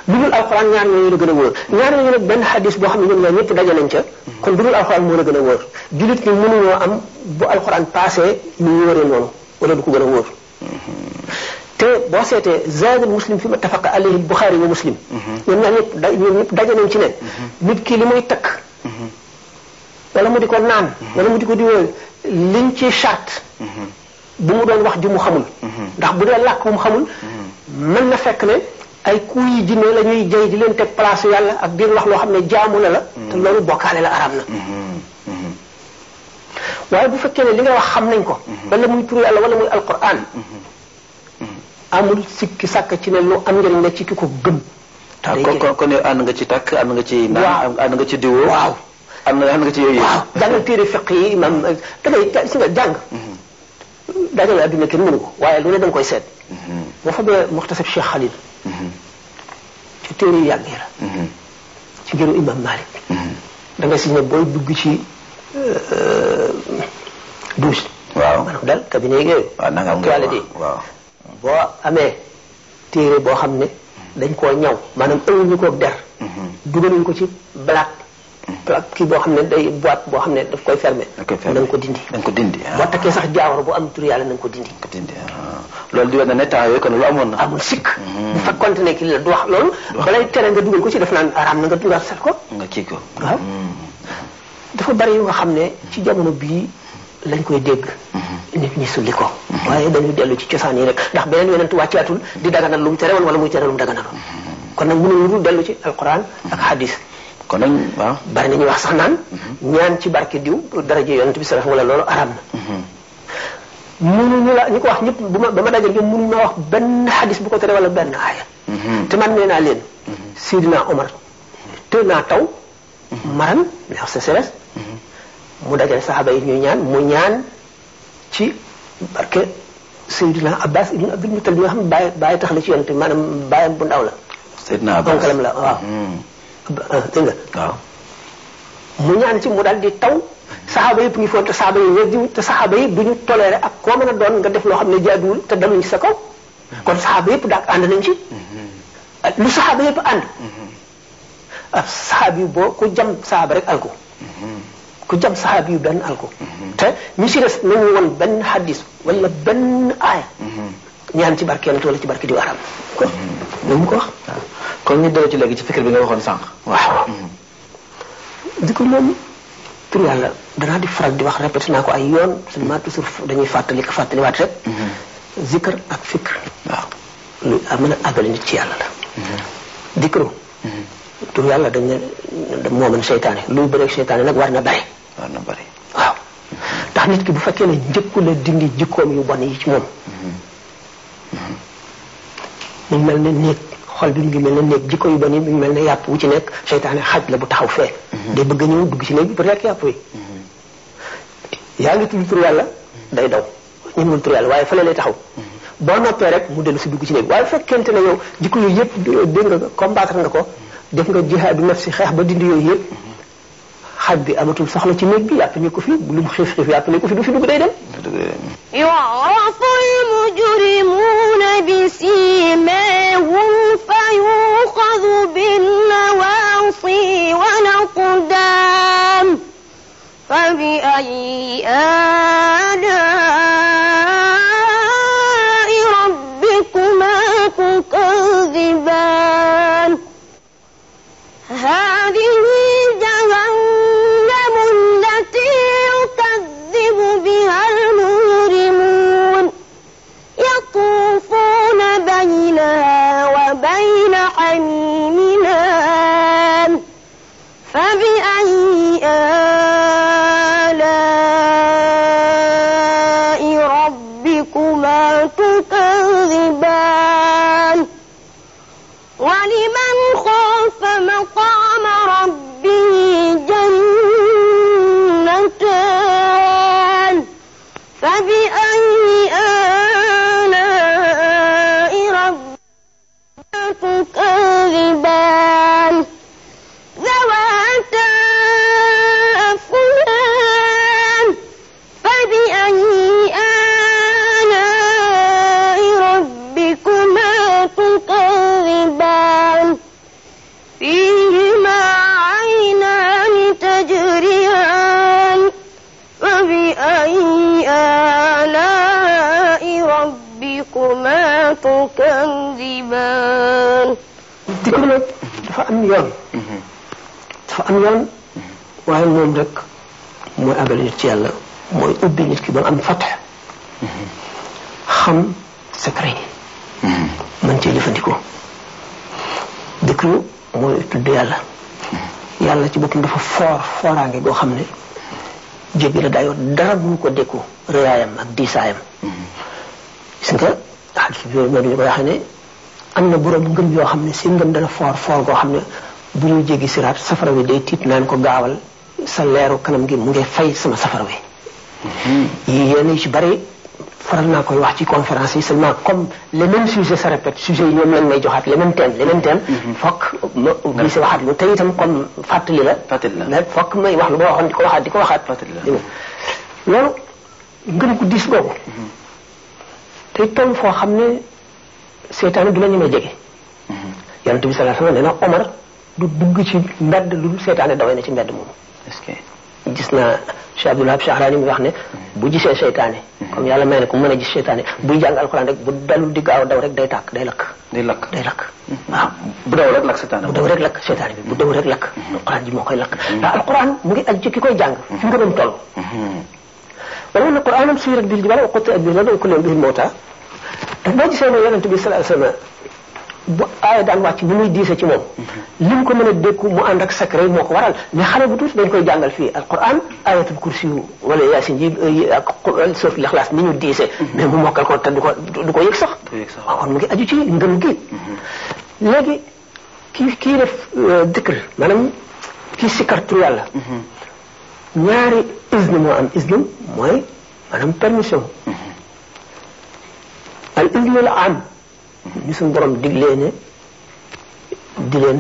A: lu dul alxuraan ñaar ñooñu la gën a wóor ñaar ñooñu nag benn xadis boo xam ne ñoom ñaar ñëpp daje nañ ca kon lu dul alxuraan moo la gën a wóor jullit ñi mënuñoo am bu alxuraan passé ñu wóoree noonu wala du ko gën a wóor te boo seetee zaadul muslim fi muttafaqa alayhi buxaari wa muslim. Mhm. ñoom ñaar ñëpp da ñoom nañ ci ne. Mhm. nit kii li muy takk. Mhm. wala mu di ko naan. wala mu di ko diwoo liñ ci charte. bu mu doon wax ji mu xamul. ndax bu dee làkk bu mu xamul. mën na fekk ne ay kuy yi jinne lañuy ñuy jay di leen teg place yàlla ak di wax loo xam ne jaamu la la. te loolu bokkaale la araam na. waaye bu fekkee ne li nga wax xam nañ ko. wala muy turu yàlla wala muy alquran. amul sikki sàkk ci ne lu am njëriñ la ci ki ko gëm. léegi ah, ko kon ànd nga ci takk ànd nga ci. naan ànd nga ci diwoo. waaw ànd nga ci yooyu yëpp. waaw jàngal téere fiq yi maam eh, dangay si nga jàng. Mm-hmm. waaye lu ne da koy seet. Mm-hmm. boo fa bee Muxtasar Cheikh Khalil. Mm-hmm. ci téere yu yàgg yi la. ci gëru Imam Malik. da si ne booy dugg ci eh, douche. waaw maanaam daal cabinet ah, yi yooyu. waaw boo amee téere boo xam ne dañ koo ñaw maanaam ëwuñu ko der mhm. dugaluñ ko ci black kii boo xam ne day boîte boo xam ne daf koy fermé na nga ko dindi na ko dindi ah. boo takkee sax jaawar boo am tur yàlla nañ ko dindi ko dindi ah. loolu di wax ne temps yooyu ne lu amoon na amul sikk bu fekkoon ne kii la du wax loolu balay tere nga dugal ko ci daf naan araam na nga nga set ko nga kii ko waaw mhm. dafa bari yu nga xam ne ci jamono bii lañ koy dégg nit ñi sulli ko waaye dañuy dellu ci cosaan yi rek ndax beneen yonent wàccaatul di daganal lu mu terewal wala muy tere lu mu daganal kon nag mënuñu dul dellu ci alkuraan ak hadis kon nag waaw bari nañuy wax sax naan ñaan ci barke diw daraje yonent bi sallallahu alayhi wa wala loolu araam na mënuñu la ñu ko wax ñëpp bu ma ba ma dajal ñoom ma wax benn hadis bu ko tere wala benn aaya te man nee naa leen Sidina Omar te naa taw maran mais wax sa mu dajale saxaaba yi ñuy ñaan mu ñaan ci barke Seydina Abbas ibn Abdul Muttalib xam ne bàyyi bàyyi tax la ci yonte maanaam bàyyam bu ndaw la. la waaw. Hmm. Ah, dégg nga. waaw. mu ñaan ci mu daal di taw saxaaba yëpp ngi foon te saxaaba yi weddiwu te saxaaba duñu toléré ak koo mën doon nga def loo xam ne jaaduwul te daluñ ci sa kaw. kon saxaaba yëpp daak ànd nañ ci. Hmm. lu saxaaba yëpp ànd. Hmm. ah saxaab yi boo ku jam saxaaba rek alko ku jam saxaabi yu benn alko te ñu si des nañu woon benn xaddis wala benn aaya ñaan ci barkeem wala ci barke diw arab ko loolu ko wax kon ñu ci léegi ci fikir bi nga waxoon sànq waaw mm-hmm. di ko loolu tur yàlla danaa di di wax répété naa ko ay yoon seulement toujours fàttali ko fàttaliwaat rek mm-hmm. zikr ak fikr waaw lu mën a àggale nit ci yàlla la mm-hmm. dikru tur yàlla dañ ne moo mën seytaane luy bëreeg seytaane nag war na bare war na bari waaw ndax nit ki bu fekkee ne njëkku la dindi jikkoom yu bon yi ci moom
C: mm-hmm.
A: mu ngi mel ne néeg xol bi mu ngi mel ne néeg jikko yu bon yi mu ngi mel ne yàpp wu ci nekk seytaane xaj la bu taxaw fee mm-hmm. day bëgg a ñëw dugg ci néeg bi pour lekk yàpp wi mm-hmm. yaa ngi tudd tur yàlla day daw ñemul tur yàlla waaye fële lay taxaw boo noppee rek mu dellu si dugg ci néeg waaye fekkente ne yow jikko yooyu yëpp dégg nga combattre nga ko def nga jihaadu si xeex ba dindi yooyu yëpp xaj bi amatul soxla ci néeg bi yàppale ko fi lu mu xiif xiif yàppale ko fi du fi dugg day dem.
B: yu'rafu al-mujrimuuna bi siimaahum fa yu'xazu bin-nawaasi wal-aqdaam fa bi ayyi aalaa'i منام تكذبان
A: dikr dafa am yoon dafa am yoon waaye moom rek mooy jëfandikoo dikr mooy tudd yàlla yàlla ci boppam dafa foor fooraange goo xam ne jéggi la daayoo dara bu ko dékku rëyaayam ak diisaayam gis nga ah gis nga loolu mooy xam ne am na borom ngëm yoo xam ne seen ngëm dana foor foor goo xam ne bu ñu jéggi siraat safara wi day tiit naan ko gaawal sa leeru kanam gi mu ngi fay sama safara wi. Hmm. yéen yu ci bari faral naa koy wax ci conférence yi seulement comme le même sujet se répète sujet yi ñoom lañ may joxaat le même thème le même thème. Hmm. fokk ma gis waxaat lu te itam comme fàttali la. la mais fokk may wax lu ma waxoon di ko waxaat di ko waxaat. fàttali la loolu ngëm ku diis googu. Hmm. te toll foo xam ne seetaan du la ñemee jege. Mm-hmm. yonent bi sa alayhi wa sallam na Omar du dugg ci mbedd lu seetaane dawee na ci mbedd moomu. est que gis naa Cheikh Abdul Wahab Shahrani mi wax ne. Mm-hmm. bu gisee seytaane. Mm-hmm. comme yàlla may na ko mën a gis seytaane buy jàng alxuraan rek bu dalul di gaaw daw rek day tàkk day lakk. day lakk day lakk. waaw bu daw rek lakk seytaane bu daw rek lakk bi bu daw rek lakk. alxuraan ji moo koy lakk. ndax alxuraan mu ngi aju ki koy jàng. fi ngëmam toll. wala inna qur'aanan suyyirat bihi al-jibaal wa qutti'at bihi ne yonent bi sallallahu alayhi wasallam bu daal daan wàcc ni muy diise ci moom li mu ko mën a dékku mu ànd ak sacré moo ko waral mais xale bu tuuti dañ koy jàngal fii alquran ayatul kursi yu wala yaasin ji ak soof lixlaas ni ñu diise mu mokkal ko te du ko du ko yëg sax waaw kon mu ngi aju ci ngëm gi léegi kii kii def euh, dëkkër maanaam kii sikkar tur ñaari isne moo am isne mooy maanaam permission al isne la am ni suñu borom diglee ne di leen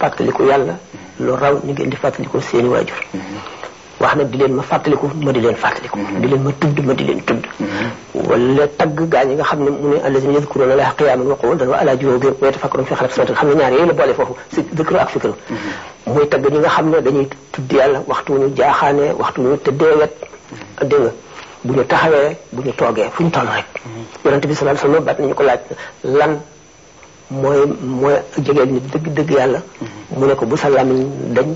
A: fàttaliku yàlla lu raw ni ngeen di fàttaliku seeni waajur wax na di leen ma fàttaliku ma di leen fàttaliku mm-hmm. di leen ma tudd ma di leen tudd mm-hmm. wala tagg gaa ñi nga xam ne mu ne allazina yadkuruna laaha qiyaaman wa qu'uudan wa alaa junuubihim wa yatafakkaruna fi xalqi samaawaati xam ne ñaar yooyu la boole foofu si dikru ak fikru mm-hmm. muy tagg ñi nga xam ne dañuy tudd yàlla waxtu ñu jaaxaane waxtu ñu tëddee wet dégg nga bu ñu taxawee bu ñu toogee fu ñu toll rek yonente bi sallallahu alayhi wasallam bat nañu ko laaj lan mooy mooy jegeel nit dëgg dëgg yàlla mu ne ko bu sa làmmiñ dañ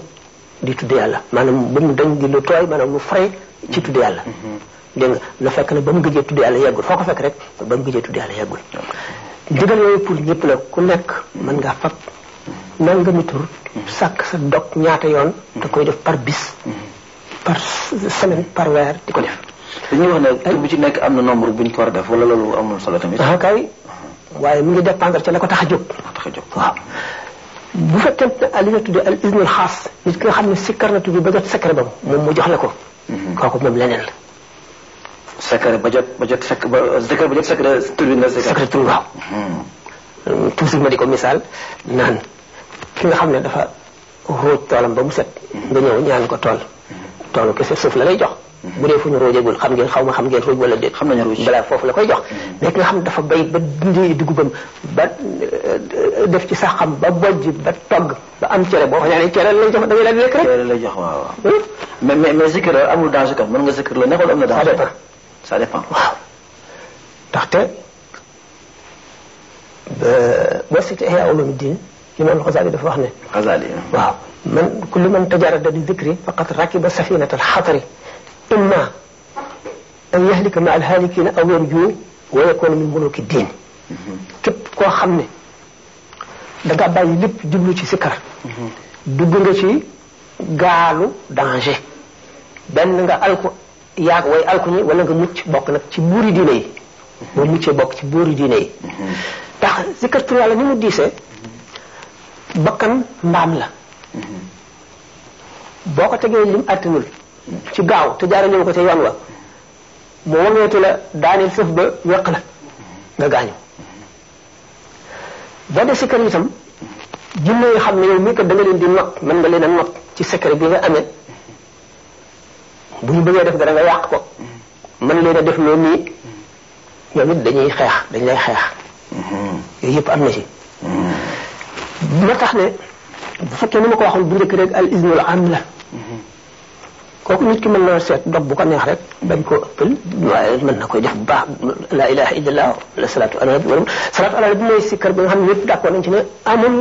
A: di tudde yàlla maanaam ba mu dañ di lu tooy maanaam lu frais ci tudde yàlla mm-hmm. dégg nga na fekk nag ba mu gëjee tudde yàlla yeggul foo ko fekk rek ba mu gëjee tudde yàlla yeggul ndigal mm-hmm. yooyu pour ñëpp la ku nekk mën ngaa fab nangami tur mm-hmm. sàkk sa dog ñaata yoon te koy def par bis par semaine par weer di ko def su wax ne tur bu ci nekk am na nombre bu ñu ko def wala loolu amul solo tamit. ah kay uh-huh. waaye mu ngi dépendre ci la ko tax a jóg. a jóg waaw bu fekkente ne li nga tuddee al xaas nit ki nga xam ne sikkar na tudd ba jot secret ba moom mu jox la ko. Mhm. kooku moom leneen la. ba jot ba jot sec ba secret ba jot secret tur bi nga secret. Mhm. Euh, secret ma di ko missaal naan ki nga xam ne dafa xóoj toolam ba mu set. Mhm. nga ñëw ñaan ko tool. toolu kese suuf la lay jox. bu dee fu ñu roojagul xam ngeen xaw ma xam ngeen ruuj wala déet xam nañu ruuj balaa foofu la koy jox mm-hmm. mais ki nga xam dafa bay ba dindi dugubam ba euh, def ci saxam ba bojj ba togg ba am cere boo xañaane cere lay jox da ngay daal lekk rek cere lay jox waaw waaw hmm? mais mais mais zikr amul danger kan mën nga zikr la nekkul am na danger ça dépend ça dépend waaw ndaxte euh, boo seetee Ihya Ulumuddin imam Xasaali dafa wax ne Xasaali waaw man kullu man tajarada li zikri faqad rakiba safinatal xatari imma an yahlika ma alhalikina aw yarju wa yakuna min muluki diin képp koo xam ne da nga bàyyi lépp jublu ci sikkar dugg nga ci gaalu danger benn nga alku yaag way alku ñi wala nga mucc bokk nag ci buuri diine yi boo muccee bokk ci buuri diine yi ndax sikkar ni mu diisee bakkan mbaam la boo ko tegee lim attanul ci gaaw te jaarale ko ca yoon wa mu la daaneel suuf ba weq la nga gaañu boo dee sikkar itam jinne yi xam ne yow mii kat da nga leen di not mën nga leen a not ci secret bi nga amee bu ñu bëggee def dara nga yàq ko mën leen a def loo nii ñoom it dañuy xeex dañ lay xeex yooyu yëpp am na ci ma tax ne bu fekkee ni ma ko waxoon bu njëkk rek al isnul am la kooku nit ki mën na seet dog bu ko neex rek bañ ko ëppal waaye mën na koy def ba baax la ilaha illallah la salaatu ala nabi wala salaatu ala nabi mooy sikkar ba nga xam ne ñëpp d'accord nañ ci ne amul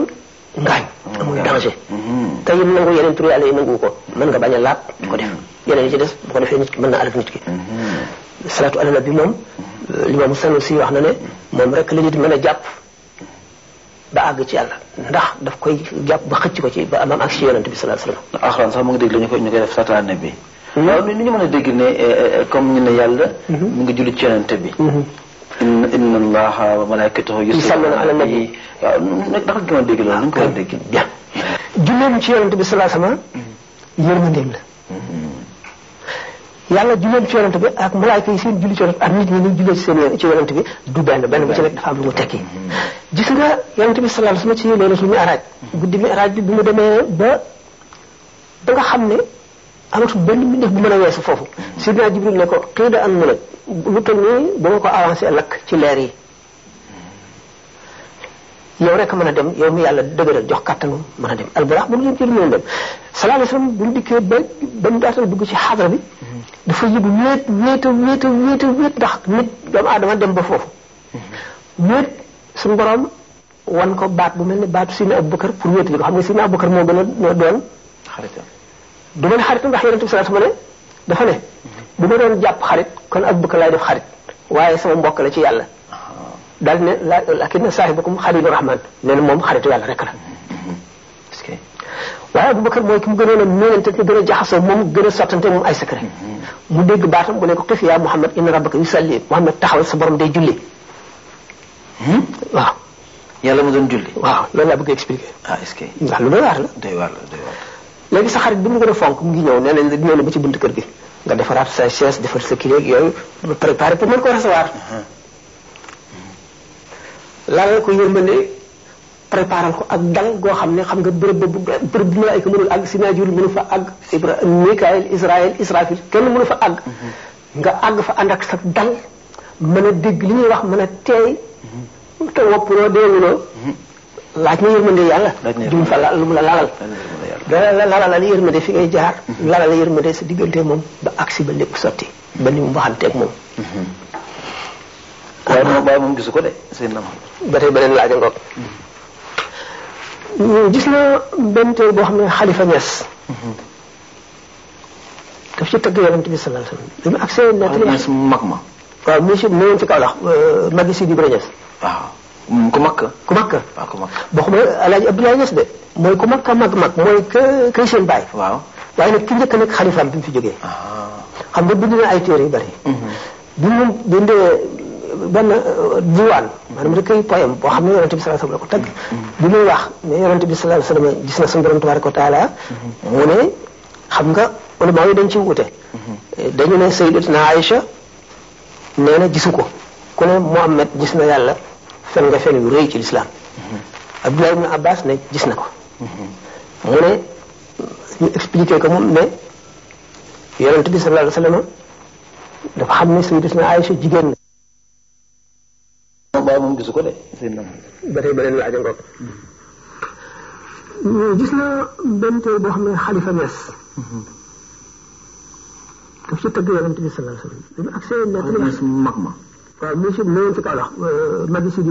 A: ngaañ amul mm-hmm. danger mm-hmm. te yim nangu yeneen tur yàlla yi nangu ko nga bañ a laab di ko def mm-hmm. yeneen yi ci des bu ko defee nit ki mën na alak nit ki salaatu ala nabi moom li moom Sanusi wax na ne moom rek la nit mën a jàpp ba àgg ci yàlla ndax daf koy jàpp ba xëcc ko ci ba amam ak si yonent bi sa alayhi wasallam axran sax mu ngi dégg la ñu koy ñu koy def sataane bi hmm? waaw ni ñu a dégg eh, eh, eh, comme ñu ne yàlla hmm? mu ngi julli ci yonent bi hmm? inna allaha wa malaikatahu yusalluna ala nabi waaw ndax a dégg loolu nu ñu koy bi sallallahu alayhi wasallam yërmandeem la yàlla julleen ci yonent bi ak malaayka yi seen julli ci yonent nit ñi ñu jullee ci seen ci yonent bi du benn benn bu ci nekk dafa am lu mu tekki gis nga yonent bi sallallahu alayhi wasallam ci laylatul mi'raj guddi mi'raj bi bi mu demee ba ba nga xam ne amatul benn mbindeef bu mën a weesu foofu sidna Jibril ne ko xiida an mu nag lu toll nii ba ma ko avancé lakk ci leer yi yow rek mën a dem yow mi yàlla dëgëral jox kattanu mën a dem alburax bu ñu jël leen dem sallallahu dikkee ba ba mu daatal dugg ci xadra bi dafa yëg wéet wéet a wéet a wéet a ndax nit doomu aadama dem ba foofu wéet suñu borom wan ko baat bu mel ne baatu Sina Abubakar pour wéetali ko xam nga Sina Abubakar moo gën a moo doon du ma ne xaritam ndax yonente bi sallallahu ne dafa ne bu doon jàpp xarit kon Abubakar laay def xarit waaye sama mbokk la ci yàlla daal ne lakinna saahibakum xalilu rahman nee na moom xaritu yàlla rek la parce que waaye Abubakar mooy ki mu gënoon a melante ki gën jaxasoo moom gën a sottante moom ay secret mu dégg baatam bu ne ko xif yaa Muhammad inna rabbaka yusalli Muhammad taxawal sa borom day julli hmm? waaw yàlla mu doon julli waaw loolu laa bëgg a expliqué ah est-ce que ndax lu doy waar la sa xarit bi mu gën a fonk mu ngi ñëw nee nañ ñëw na ba ci buntu kër gi nga defaraat sa chaise defar sa kiléeg yooyu préparé pour mën ko recevoir uh-huh. laalal ko yërmande préparal ko ak dal goo xam ne xam nga bërëb bu bërëb bu malaayika mënul àgg Sinaajul mënu fa àgg Ibra Mikaayil Israel Israfil kenn mënu fa àgg
C: mm-hmm.
A: nga àgg fa ànd ak sa dal mën a dégg li ñuy wax mën a teey mm-hmm. te woppuloo deewuloo mm-hmm. laaj na yërmande yàlla jum fa la lu mu la lalal la lalal yërmande fi ngay jaar lalal yërmande sa diggante moom ba agsi ba lépp sotti ba ni mu waxanteeg moom waaye moom waaye moom gisu ko de seen na ba tey beneen hmm, na benn téere boo xam ne xalifa Ñas daf ci tëgg yonent bi sallallahu alayhi bi mu ak seen ma euh, waaw ku mag ku mag waaw ku mag boo xam ne Alaaji de mooy ku mag mag mag mooy que kay baay waaw waaye nag ki njëkk nag xalifaam bi mu fi jógee ah. xam nga bind na ay téere yu bari mhm. bi benn euh, diwaan maanaam rek ay poème boo xam ne yonente bi sallallahu alayhi wasallam la ko tëgg. bi muy wax mais yonente bi sallallahu alayhi wasallam gis na suñu borom tabaraka wa taala mu ne xam nga ulama yi dañ ci wute. dañu ne sayyidatuna Aïcha nee na gisu ko ku ne Muhammad gis na yàlla fen nga fen yu rëy ci lislaam Abdullah ibn Abbas ne gis na ko. mu ne ñu expliqué ko moom ne yonente bi sallallahu alayhi wasallam dafa xam ne sayyidatuna Aïcha jigéen na. moom bàyyi moom gisu ko de. ba tey beneen laaj ngoog. Hmm, na benn tey boo xam ne xalifa Niass. daf ci tëgg yonent bi sallallahu mag ma. waaw monsieur Mbengue ci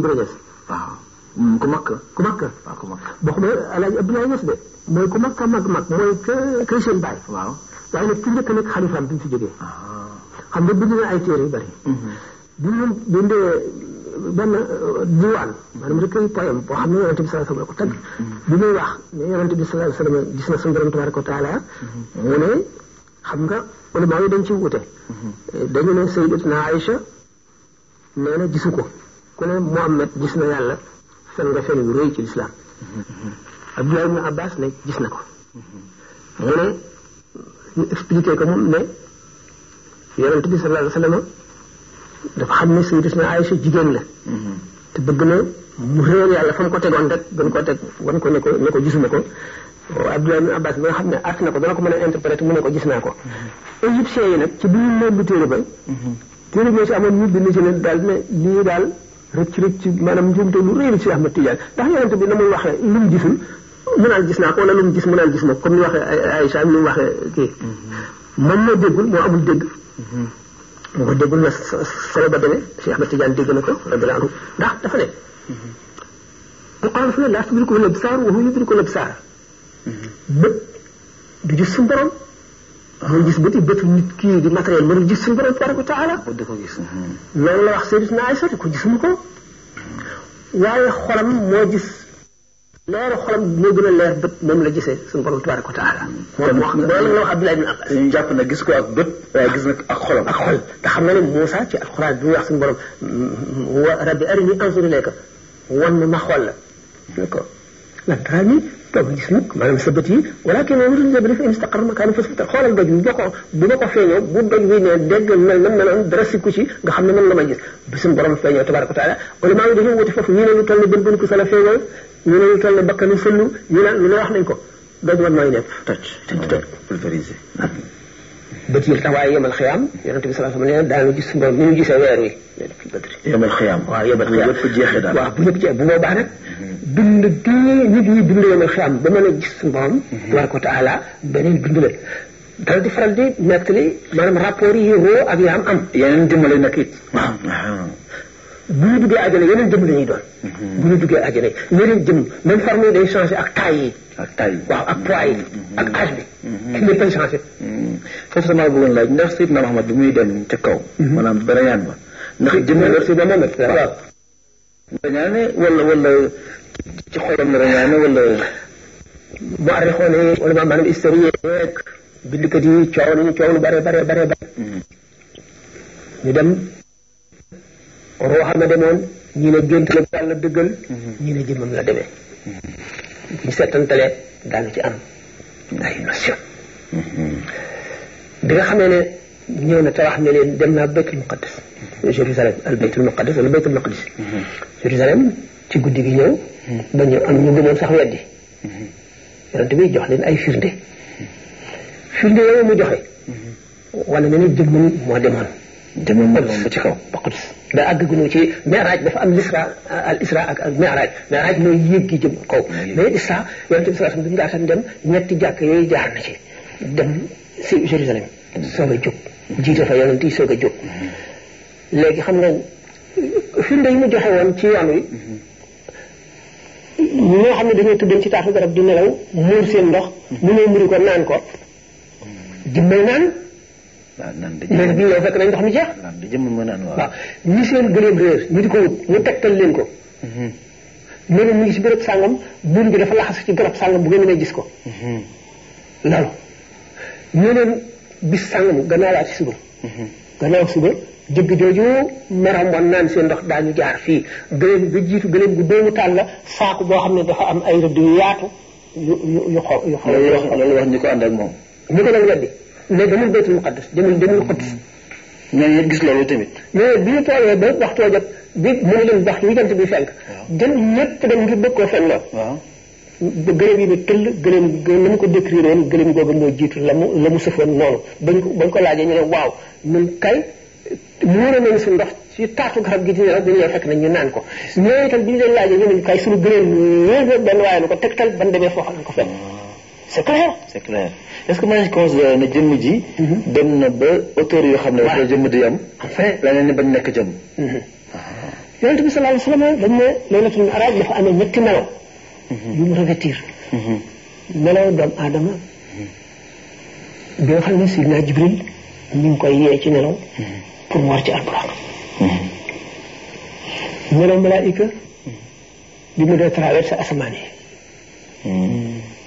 A: euh, ku mag. ku mag waaw ku mag. boo xam ne El Hadj Abdoulaye Niass de mooy ku mag mag mag mooy que que seen baay. waaw waaye nag ki njëkk a nekk xalifaam
C: ah.
A: nga bind ay téere yu benn euh, diwaan maanaam rek poème boo xam ne yonente bi sallallahu alayhi wasallam ko teg bi muy wax ne yonente bi sallallahu alayhi wasallam gis na suñu borom mu ne xam nga ulama yi dañ ci wute dañu ne sayyidatuna Aïcha nee na gisu ko ku ne Muhammad gis na yàlla fen nga fen yu rëy ci lislaam Abdullah ibn ne gis na ko mu ne ñu expliqué ko moom ne yonente bi sallallahu alayhi wasallam dafa xam ne sayyidatuna Aïcha jigéen la mm-hmm. te bëgg na mu réer yàlla fa mu ko tegoon rek gën koo teg wan ko ne ko ne ko gisuma ko Abdoulaye bin Abbas bi nga xam ne at na ko dana ko mën a interpréter mu ne ko gis naa ko mm-hmm. égyptiens ci bi ñu leen ba mm-hmm. téere bi ci amoon ñu bind ne daal ne lii daal rëcc rëcc maanaam njuumte lu réy ci Ahmad Tidiane ndax yonente bi na muy waxee lu mu gisul naan gis naa ko wala lu mu gis mu naan gis ma comme ni waxee Aïcha ni mu waxee kii moom moo déggul moo amul dégg mu ko déggul na solo ba demee Cheikh Ahmed Tidiane dégg na ko radiyallahu anhu ndax dafa ne alquran laa tudriku l absaar wa huwa yudriku l absaar bët du gis suñu borom mooy gis bëti bëtu nit kii di matériel mënul gis suñu borom tabaraka wa taala di ko gis hmm. loolu la wax Sayyidatuna Aïcha ko gisuñu leeru xolam moo gën a leer bët moom la gisee suñu borom tabaaraka wa taala. moo xam ne loolu la Abdoulaye bin Abbas. ñu jàpp ne gis ko ak bët. waaye gis na ak xolam ak xol. te xam nga ne Moussa ci alxuraan bi mu wax suñu borom wa rabbi arini anzur ilayka wan ma ma xool la. d' accord lan taraa nii toog gis nag maanaam sa bët yi walakin moom itam jërëjëf dafa instaqar makaanu fasfatar xoolal doj bu ko bu ma ko feeñoo bu doj bi ne dégg mel na meloon dara sikku ci nga xam ne man la ma gis. bi suñu borom feeñoo tabaaraka wa taala ulamaa yi dañoo wuti foofu ñii ne lu toll ne bën bën ko sala feeñoo ñu ne ñu toll ne bakkanu fëllu ñu ne ñu ne wax nañ ko doj man nooy nekk toj toj pulvérisé ah. bët yi tax waaye yemal xiyaam yonente bi sallallahu alayhi wa sallam nee na daanu gis mboom ni ñu gisee weer wi yemal xiyaam waaw yemal xiyaam bu ñëpp jeexee daal waaw bu ñëpp jeexee bu boobaa nag dund gi nit ñi dund yemal xiyaam ba mën a gis mboom mhm. tabaraka wa taala beneen dund la dal di faral di nettali maanaam rapport yi roo ak yaam am yeneen dimbali nag it waaw bu ñu duggee àjjana yeneen jëm la ñuy doon. Mhm. bu ñu duggee àjjana yeneen jëm même forme yi day changé ak taille yi. ak taille yi waaw ak poids yi. Mhm. ak âge bi. lépp ay changé. foofu sama bëggoon laaj ndax Seydina Muhammad bi muy dem ca kaw. Mhm. maanaam beneen yaan ba. ndax jëm la ma Muhammad waaw. rañaane wala wala ci xolam la rañaane wala. bu arrêté xoolee wala maanaam historien yeeg bindkat yi coow nañu coow lu bare bare bare bare. ñu ruuxa a demoon ñi ne gént la yàlla dëggal mhm. ñi ne jëmmam la demee mhm. ñu settantale daanu ci am ay notion mhm. bi nga xamee ne ñëw ne te wax ne leen dem naa baytul muqaddas Jérusalem al baytul muqaddas wala baytul maqdis ci guddi gi ñëw ba ñu am ñu gëmoon sax weddi yonente bi jox leen ay firnde firnde yooyu mu joxe wala ne ne jëmmam moo demoon demoon ci kaw ba Qudus da àggaguñu ci miraaj dafa am lisra isra ak al miraaj miraaj mooy yéeg gi jëm kaw mais isra yonent dem ñetti jàkk yooyu jaar na ci dem si Jérusalem a jóg jiite fa yonent yi soog a jóg léegi xam nga firnde yi mu joxe woon ci yoon wi ñoo xam ne dañoo tëddoon ci taaxu garab di nelaw muur seen ndox mu ne muri ko naan ko dimbay naan waaw nan da da jëmm mën naan waaw. waaw ñi seen gëleem réer ñu di ko wut ñu tegtal leen ko. nee na mu ngi si béréb sàngam bu bi dafa laxas ci garab sàngam bu ngeen may gis ko. loolu nee na bis sàngam gannaaw laa ci suba. gannaaw suba jëgg jooju meram wan naan seen ndox daañu jaar fii gëleem bi jiitu gëleem gu doomu tàll la saako boo xam ne dafa am ay rëdd yu yaatu yu yu yu xaw yu xaw. loolu wax loolu wax ñu ko ànd ak moom. ñu ko doon weddi. ne demul baytul muqaddas demul demul xudus ñooñu gis loolu tamit mais bi ñu tooyee ba waxtu jot bi mu ne leen waxtu wi jant bi fenk jël ñëpp dem ngir bëgg koo fen loo gëléem yi ne tëll gëléem na mu ko décrire woon gëléem googu moo jiitu la mu la mu sëfoon noonu bañ ko bañ ko laajee ñu ne waaw ñun kay muure nañu suñu ndox ci taatu garab gi di ne rek bu ñëwee fekk nañ ñu naan ko ñooñu itam bi ñu leen laajee ñu ne kay suñu gëléem wéer benn waaye nu ko tegtal ban demee foo xam ne ko fekk c'est clair c'est clair est-ce que maa euh, ne jëmm ji. Mhm. dem na ba yoo xam ne. waaw jëmm di am. ne ba nekk jëmm. Mhm. Ah. yonent bi sallallahu alayhi wa sallam ne laylatul mi'raj melo. Mhm. yu mu revêtir. doomu aadama. bi xam ne Sidna Jibril ñu ngi koy yee ci nelaw. pour mu war ci alquran. melo malaayika. bi mu dee traversé yi.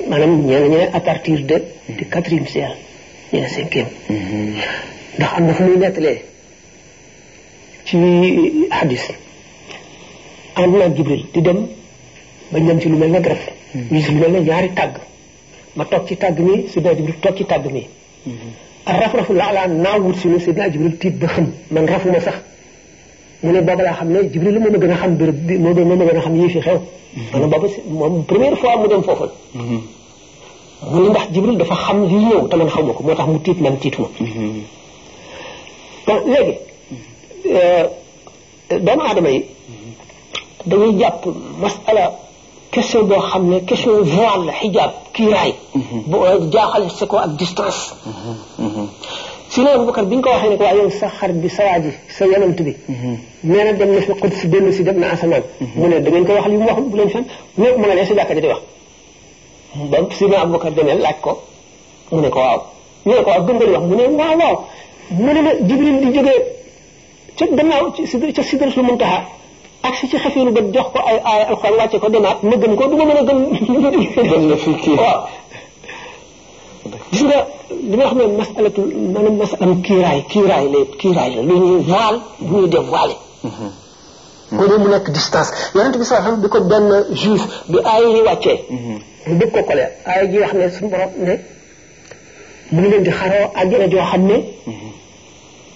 A: maanaam ñenn ñu ne partir de de quatrième siècle ñu ne cinquième mm-hmm. ndax am na fu muy nettalee ci hadis ànd naa Jibril di dem ba ñam ci lu mel na garab ñu si lu mel na ñaari tàgg ma toog ci tàgg mi sidna Jibril toog ci tàgg mi
C: mm-hmm.
A: a raf-rafu laalaa naaw wut si nu sidna Jibril tiit ba xëm man rafuma sax mu ne booba laa xam ne Jibril moom a gën a xam béréb bi moom a gën a xam yii fi xew. maanaam booba si fois mu dem foofa. mu mm-hmm. Jibril dafa xam li ñëw te man xaw ko moo tax mu tiit man tiituma. bon mm-hmm. léegi euh, doomu aadama yi mm-hmm. dañuy jàpp masala question boo xam ne question voile la xijaab kiiraay. bu jaaxal si ko ak distance. si loolu Abubakar bi ñu ko waxee ne ko waa yow sa xarit bi sa sa yonant bi. Mhm. nee na dem na fi Quds dellu si dem na asamaan. Mhm. mu ne dangeen koy wax li mu waxul fen mu mhm. ko mu ne ko waaw ñu ne ko waaw gëm nga li wax mu ne waaw waaw Jibril di jógee ca gannaaw ca Sidratul Muntaha ak si ci xefeelu ba jox ko ay ay alxuraan wàcce ko demaat ma gëm ko du ma mën a gëm. gën la fi kii waaw. gis nga li nga xam ne kiiraay kiiraay la kiiraay la lu ñuy voile bu mm-hmm. ko ne mu nekk distance yonent bi sax bi ko benn juif bi aaya yi wàccee mm-hmm. mu bëgg ko kole aaya ji wax ne suñu borom mu ngi leen di xaroo àjjana joo xam ne mm-hmm.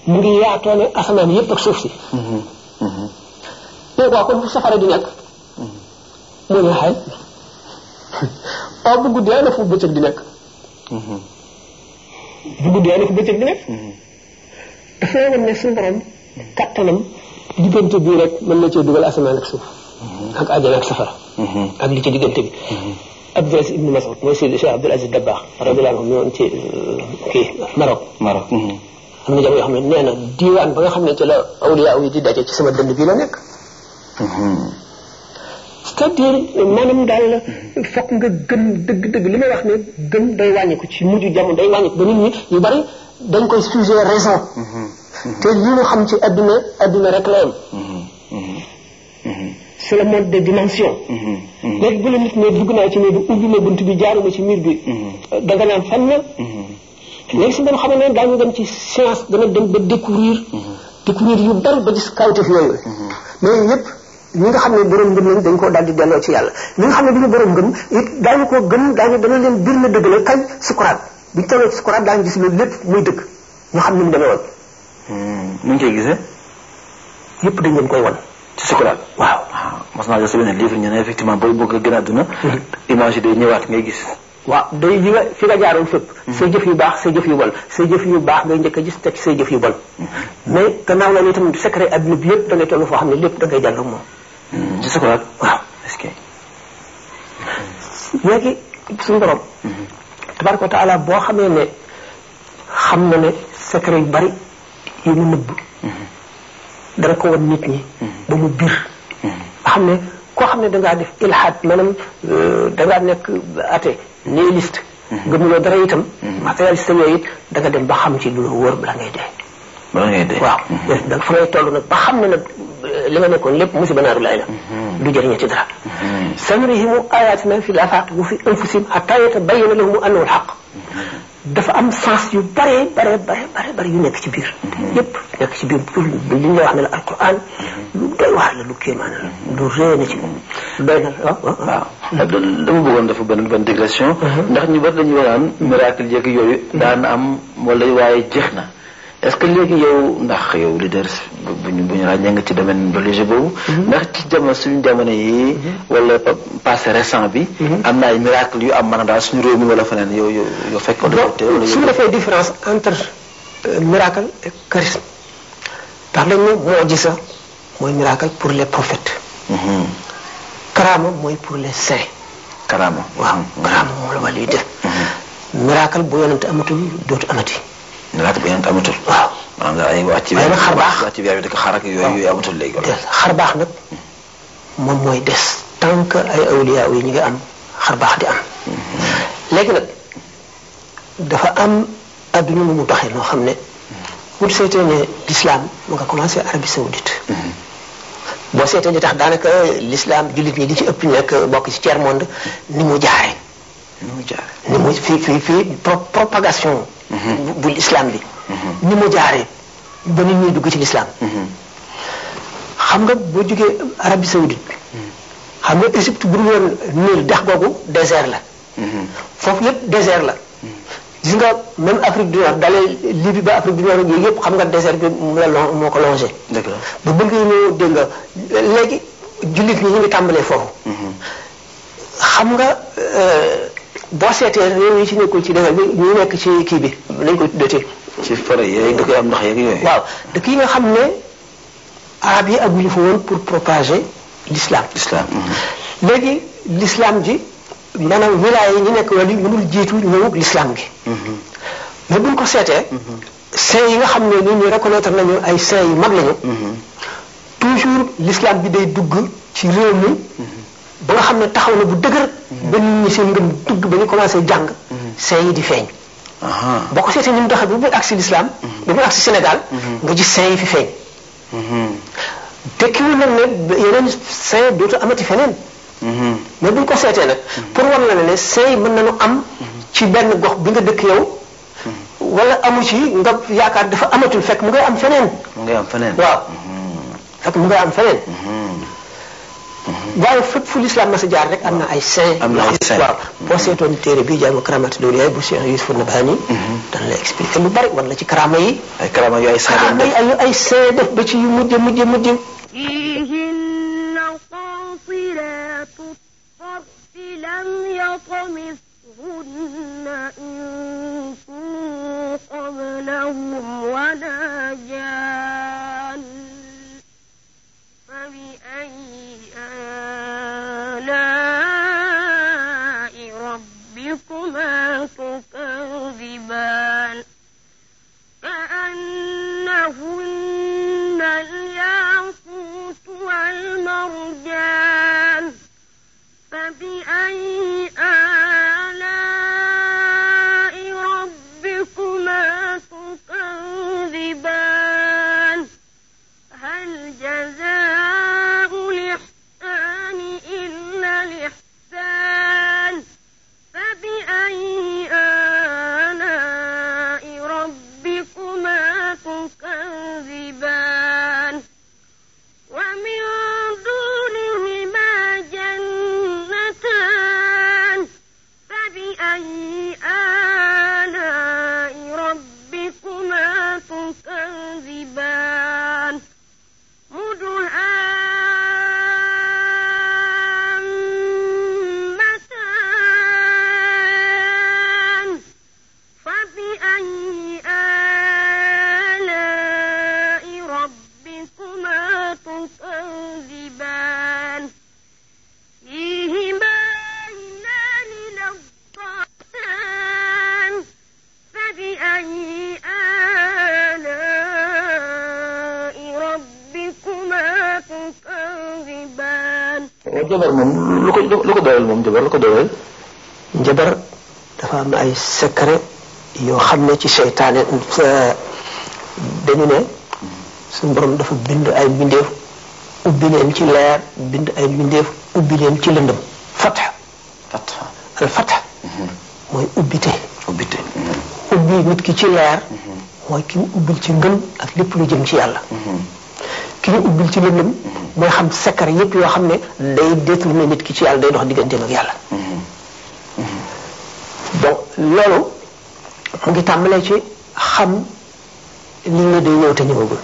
A: mu ngi yaatoo ne asamaan yëpp suuf si léegi waaw kon bu safara di mu ne xay aw bu guddee na fu bëccëg di nekk bu mm-hmm. guddi yaa ne ko bëccëg di def daf lay wan ne suñu borom kattanam diggante bii rek mën na cee dugal asamaan ak suuf mm-hmm. ak àjjana ak safara mm-hmm. ak li ci diggante bi Abdulaziz ibn Mas'ud mooy Seydi Cheikh Abdul Aziz Dabakh radiyallahu anhu ñëwoon ci uh, kii am na jamono yoo xam ne nee na diwaan ba nga xam ne ci la awliya yi di daje ci sama dënd bii la nekk c'est-à-dire maanaam daal fokk nga gëm dëgg-dëgg li may wax ne gëm day wàññiku ci mujj jamono day wàññiku ba nit ñi yu bari dañ koy sujet raison mm-hmm. te li ñu xam ci adduna adduna rek la yem mm-hmm. Mm-hmm. c'est le monde bu la nit naa ci ne bi ubbi ci miir bi da nga naan fan la léegi si ngeen xam ne daañu dem ci science dana dem ba découvrir découvrir yu bari ba gis kawtef yooyu mais yëpp ñi nga xam ne borom ngëm lañ dañ koo daal di delloo ne duñu borom ngëm it daañu koo gëm daañu dana leen bir na dëgg la kañ sukuraat bu ñu tolloo ci sukuraat daañu mu hmm, ñu koy gisee. yëpp dañ leen koy wan. ci sukuraat waaw. waaw mos naa gis benn livre ñu ne effectivement booy bëgg a gën a àdduna. Mm-hmm. image yi day ñëwaat ngay gis. waaw day yi nga fi nga jaaroon fépp. Mm-hmm. say jëf yu baax say jëf yu bon say jëf yu baax ngay njëkk a gis teg say jëf yu bon. Mm-hmm. mais gannaaw loolu itam secret adduna bi yëpp dangay toll foo xam ne lépp dangay jàll moom. gis nga waaw est-ce que léegi suñu boo xamee ne xam na ne sa yu bari yi mu nëbb dana ko wan nit ñi ba mu biir nga xam ne koo xam ne dangaa def ilhaad maanaam euh, dangaa nekk nga nihiliste mm-hmm. gëmuloo dara itam matérialiste yooyu it da nga dem ba xam ci lu la wóor bala ngay dee waaw des da fa ngay toll nag ba xam ne nag euh, li nga nekkoon lépp musiba naaru laay la
C: mm-hmm. du jëriñu ci
A: dara mm-hmm. sanurihim ayatina fil afaq wa fi anfusihim hatta yatabayyana lahum annahu alhaq mm-hmm. dafa am sens yu bare bare bare bare bare yu nekk ci biir yépp nekk ci biir li ñu la wax ne la alquran lu doy waar la lu kéemaan la lu rëy na ci doy na waaw dama bëggoon dafa benn benn digression ndax ñu bari dañu waraan miracle jékki yooyu daan am wala waaye jeex na est-ce que léegi yow ndax yow leader bu ñu bu ñu ràññee nga ci domaine religieux boobu. Mhm. ndax ci jamono suñu jamono yi. Mhm. wala passé récent bi. Mhm. am na ay miracle yu am maanaam daal suñu réew mi wala fa yow yow yow fekkoon. wala su ma defee différence entre euh, miracle moo gis sax mooy miracle pour le prophètes. karaama mooy pour les saints. karaama moom la wàllu yi def. miracle bu yonante dootu amati. nag beneen amatul. waaw maanaam ay wàcc. waaye nag xar baax wàcc bi di amatul léegi. xar baax nag moom mooy des tant que ay awliya yi ñu ngi am xar baax di am. Mm-hmm. léegi nag dafa am adduna nu mu doxee noo xam ne. bu seetee ne l'islam mu nga commencé Arabie Saoudite. Mm-hmm. boo seetee ne tax daanaka l'islam jullit ñi di ci ëpp nekk bokk ci tiers monde ni mu jaaree. ni mu fii fii fi propagation mhm. bu islam bi mhm. ni mu jaaree ba nit ñuy dugg ci lislaam mhm. xam nga boo jógee Arabie Saoudite xam nga Égypte bu dul woon Niil dex googu désert la foofu yépp désert la gis nga même Afrique du Nord dalee Libye ba Afrique du Nord yooyu yëpp xam nga désert bi mu la lon moo ko longé ba bëgg ñëw dégg nga léegi jullit ñi ñu ngi tàmbalee foofu xam nga euh, boo seetee réew yi ci nekkul ci dëkk bi ñu nekk ci kii bi nañ koy dotee. ci forêt yooyu dëkk yi am waaw dëkk yi nga xam ne arab yi aguñu fa woon pour propager l'islam. l'islam mhm. léegi l'islam ji maanaam wilaya yi ñu nekk wala mënul jiitu ñëwug l'islam gi. Mhm. mais ko seetee. Mhm. saint yi nga xam ne ñun ñu reconnaître nañu ay saint yu mag lañu. toujours l'islam bi day dugg ci réew mi. ba nga xam ne taxaw na bu dëgër. Mm-hmm. ba nit ñi seen ngëm dugg ba ñu commencé jàng. Mm-hmm. say yi di feeñ. boo ko seetee ni mu doxee ba muy agsi lislaam mm-hmm. ba muy agsi Sénégal. nga gis say yi fi feeñ. tekkiwul nag ne yeneen say dootu amati feneen. mais buñ ko seetee nag. pour war la ne ne say mën nañu am. ci benn gox bi nga dëkk yow. wala amu ci nga yaakaar dafa amatul fekk mu ngay am feneen. mu ngay am feneen waaw. fekk mu ngay am feneen. Mhm. waaye fépp fu lislaam ma am na ay saint am na ay saint waaw mhm. boo seetoon téere bii jàng karaamati loolu yaay bu Cheikh Youssouf Nabhani mhm. dana la expliqué lu bari wala ci karaama yi ay karaama yu ay saint ah, ay ay saint def ba ci yu mujj mujj mujj
B: فيهن قاصرات الطرف لم يطمثهن إنس تكذبان كأنهن الياقوت والمرجان فبأي
A: jabar moom lu ko lu moom jabar lu ko doyal jabar dafa am ay secret yoo xam ne ci seytaane dañu ne suñu borom dafa bind ay mbindeef ubbi leen ci leer bind ay mbindeef ubbi ci lëndëm fatha fatha al mhm. mooy ubbite ubbite ubbi nit ki ci leer mhm. mooy ki mu ci ngëm ak lépp lu jëm ci yàlla mhm. ki ñu ubbil ci lëndëm mooy xam secret yépp yoo xam ne day détourné nit ki ci yàlla day dox digganteem ak yàlla donc loolu mu ngi tàmbalee ci xam li nga day ñëw te ñëwagul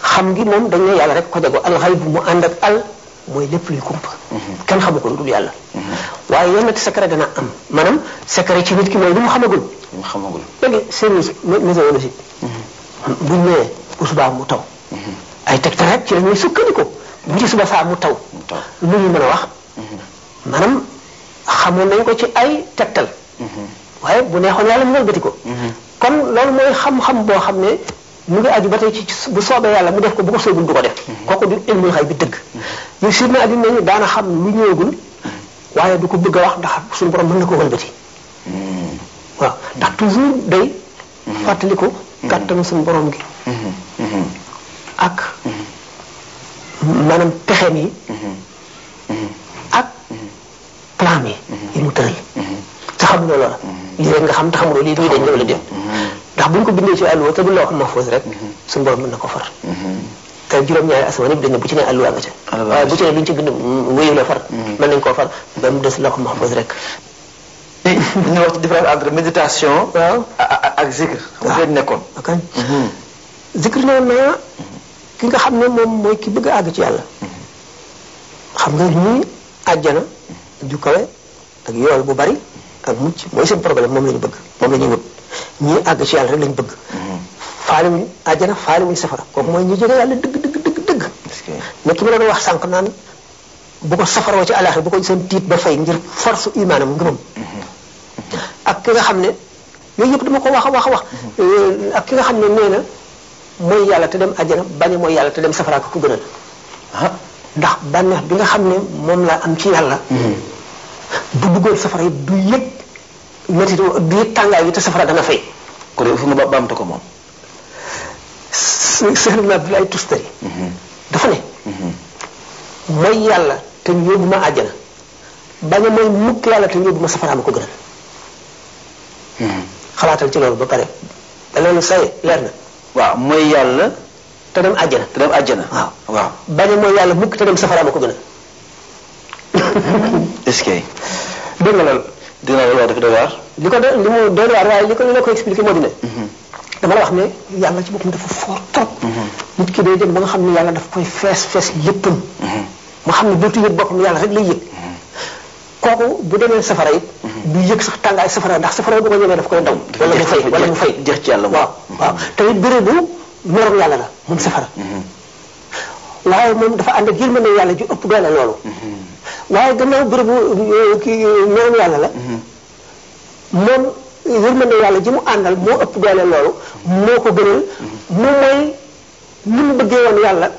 A: xam gi moom dañ yàlla rek ko jago bu mu ànd ak al mooy lépp luy kumpa kenn xamu ko lu dul yàlla waaye yenn secret dana am maanaam secret ci nit ki mooy lu mu xamagul lu mu xamagul léegi service météorologique bu ñëwee bu subaa mu taw mm-hmm. ay tegtal rek ci la ñuy sukkandiku bu ci suba saa mu taw. mu ñu mën a wax. Mhm. maanaam xamoon nañ ko ci ay tegtal. Mhm. waaye bu neexoon yàlla mu wëlbati ko. Mhm. kon loolu mooy xam-xam boo xam ne mu ngi aju ba tey ci bu soobee yàlla mu def ko bu ko soobul du ko def. kooku du ilmul xay bi dëgg. ñu si ne aju nañu daana xam lu ñëwagul waaye du ko bëgg a wax ndax suñu borom mën na ko wëlbati. waaw ndax toujours day. ko kàttanu suñu borom gi. ak maanaam pexe yi ak plan yi yi mu tëral te xamuloo loola lii rek nga xam te xamuloo lii duy dañ wala dem ndax buñ ko bindee ci àlluwa te bu loo rek suñu borom mën na ko far te juróom-ñaari asamaan yëpp dañ bu ci ne àlluwa nga ca waaye bu ci ne luñ ci bind wéyu la far mm-hmm. mën nañ koo far ba mu des loo xam mahfuz rek ñu wax ci différence entre méditation ak zikr xam nga nekkoon ah, mm-hmm. zikr noonu naa ki nga xam ne moom mooy ki bëgg a àgg ci yàlla xam nga ñuy àjjana ju kawe ak yool bu bari ak mucc mooy seen problème moom la bëgg moom la ñuy wut ñii àgg ci yàlla rek la ñu bëgg faale wuñ àjjana faale wuñ safara kooku mooy ñu jege yàlla dëgg dëgg dëgg dëgg mais ki ma la doon wax sànq naan bu ko safaroo ci alaaxira bu ko seen tiit ba fay ngir force imaanam ngëmam ak ki nga xam ne yooyu yëpp dama ko wax a wax a wax mm-hmm. euh, ak ki nga xam ne nee na mooy yàlla te dem àjjana bañ a mooy yàlla te dem safara ko gënal ah ndax nga xam ne moom laa am ci yàlla. Mm-hmm. du yëg métti du tàngaay bi te safara dana fay. ko ko moom. Cheikh mm-hmm. mm-hmm. Ibn yàlla te yóbbu ma àjjana bañ a ma safara ko gënal. xalaatal ci loolu ba pare. te loolu say leer na. waaw mooy yàlla te dem àjjana te dem àjjana waaw waaw bañ mooy yàlla mukk te dem safara ba ko gën a est la wax dafa doy waar li ko ko li la ko expliqué moo di mhm. dama la wax ne yàlla ci boppam dafa fort trop mhm. nit ki day dem ba nga xam ne yàlla dafa koy fees fees léppam mu mhm. xam ne dootu yëg boppam yàlla rek lay yëg kooku bu demee safara it du yëg sax tàngaay safara ndax safara bu ko ñemee daf koy daw. wala mu fay wala mu fay jeex ci yàlla waaw waaw mm-hmm. te bérébu merum yàlla la moom safara. Mm-hmm. waaye moom yàlla ëpp doole loolu. Mm-hmm. waaye gannaaw bérébu euh, kii merum yàlla la. moom yërmande yàlla ji mu àndal moo ëpp doole loolu. moo ko gënal. moom mooy ni mu bëggee woon yàlla.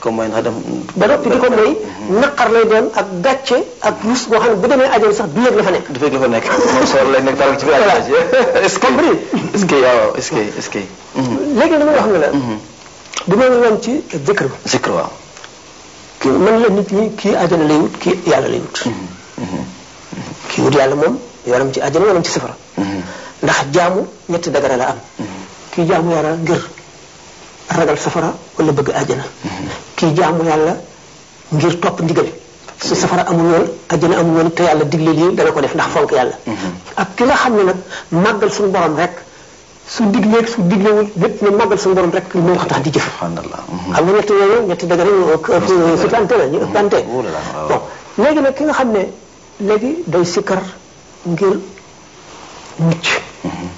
A: ko mooy ndax dafa. ba noppi di ko mooy. naqar lay doon ak gàcce ak rus boo xam ne bu demee aajo sax du yëg la fa nekk. du yëg la fa nekk moom soor lay nekk daal ci biir aajo. est-ce ma la. Mhm. du ma ci zikr. zikr kii man la nit ñi kii àjjana lay wut kii yàlla lay wut. Mhm. Mhm. kii wut yàlla ndax jaamu ñetti dagara la am. kii jaamu yàlla ngir. ragal safara wala bëgg àjjana kii jaamu yàlla ngir topp ndigal su safara amul woon àjjana amul te yàlla digle lii dana ko def ndax fonk yàlla ak ki nga xam ne nag màggal suñu borom rek su digleeg su diglewul lépp ne màggal suñu rek moo di jëf xam mhm. nga ñetti yooyu ñetti la léegi nag ki nga xam ne léegi day sikkar ngir mucc mhm.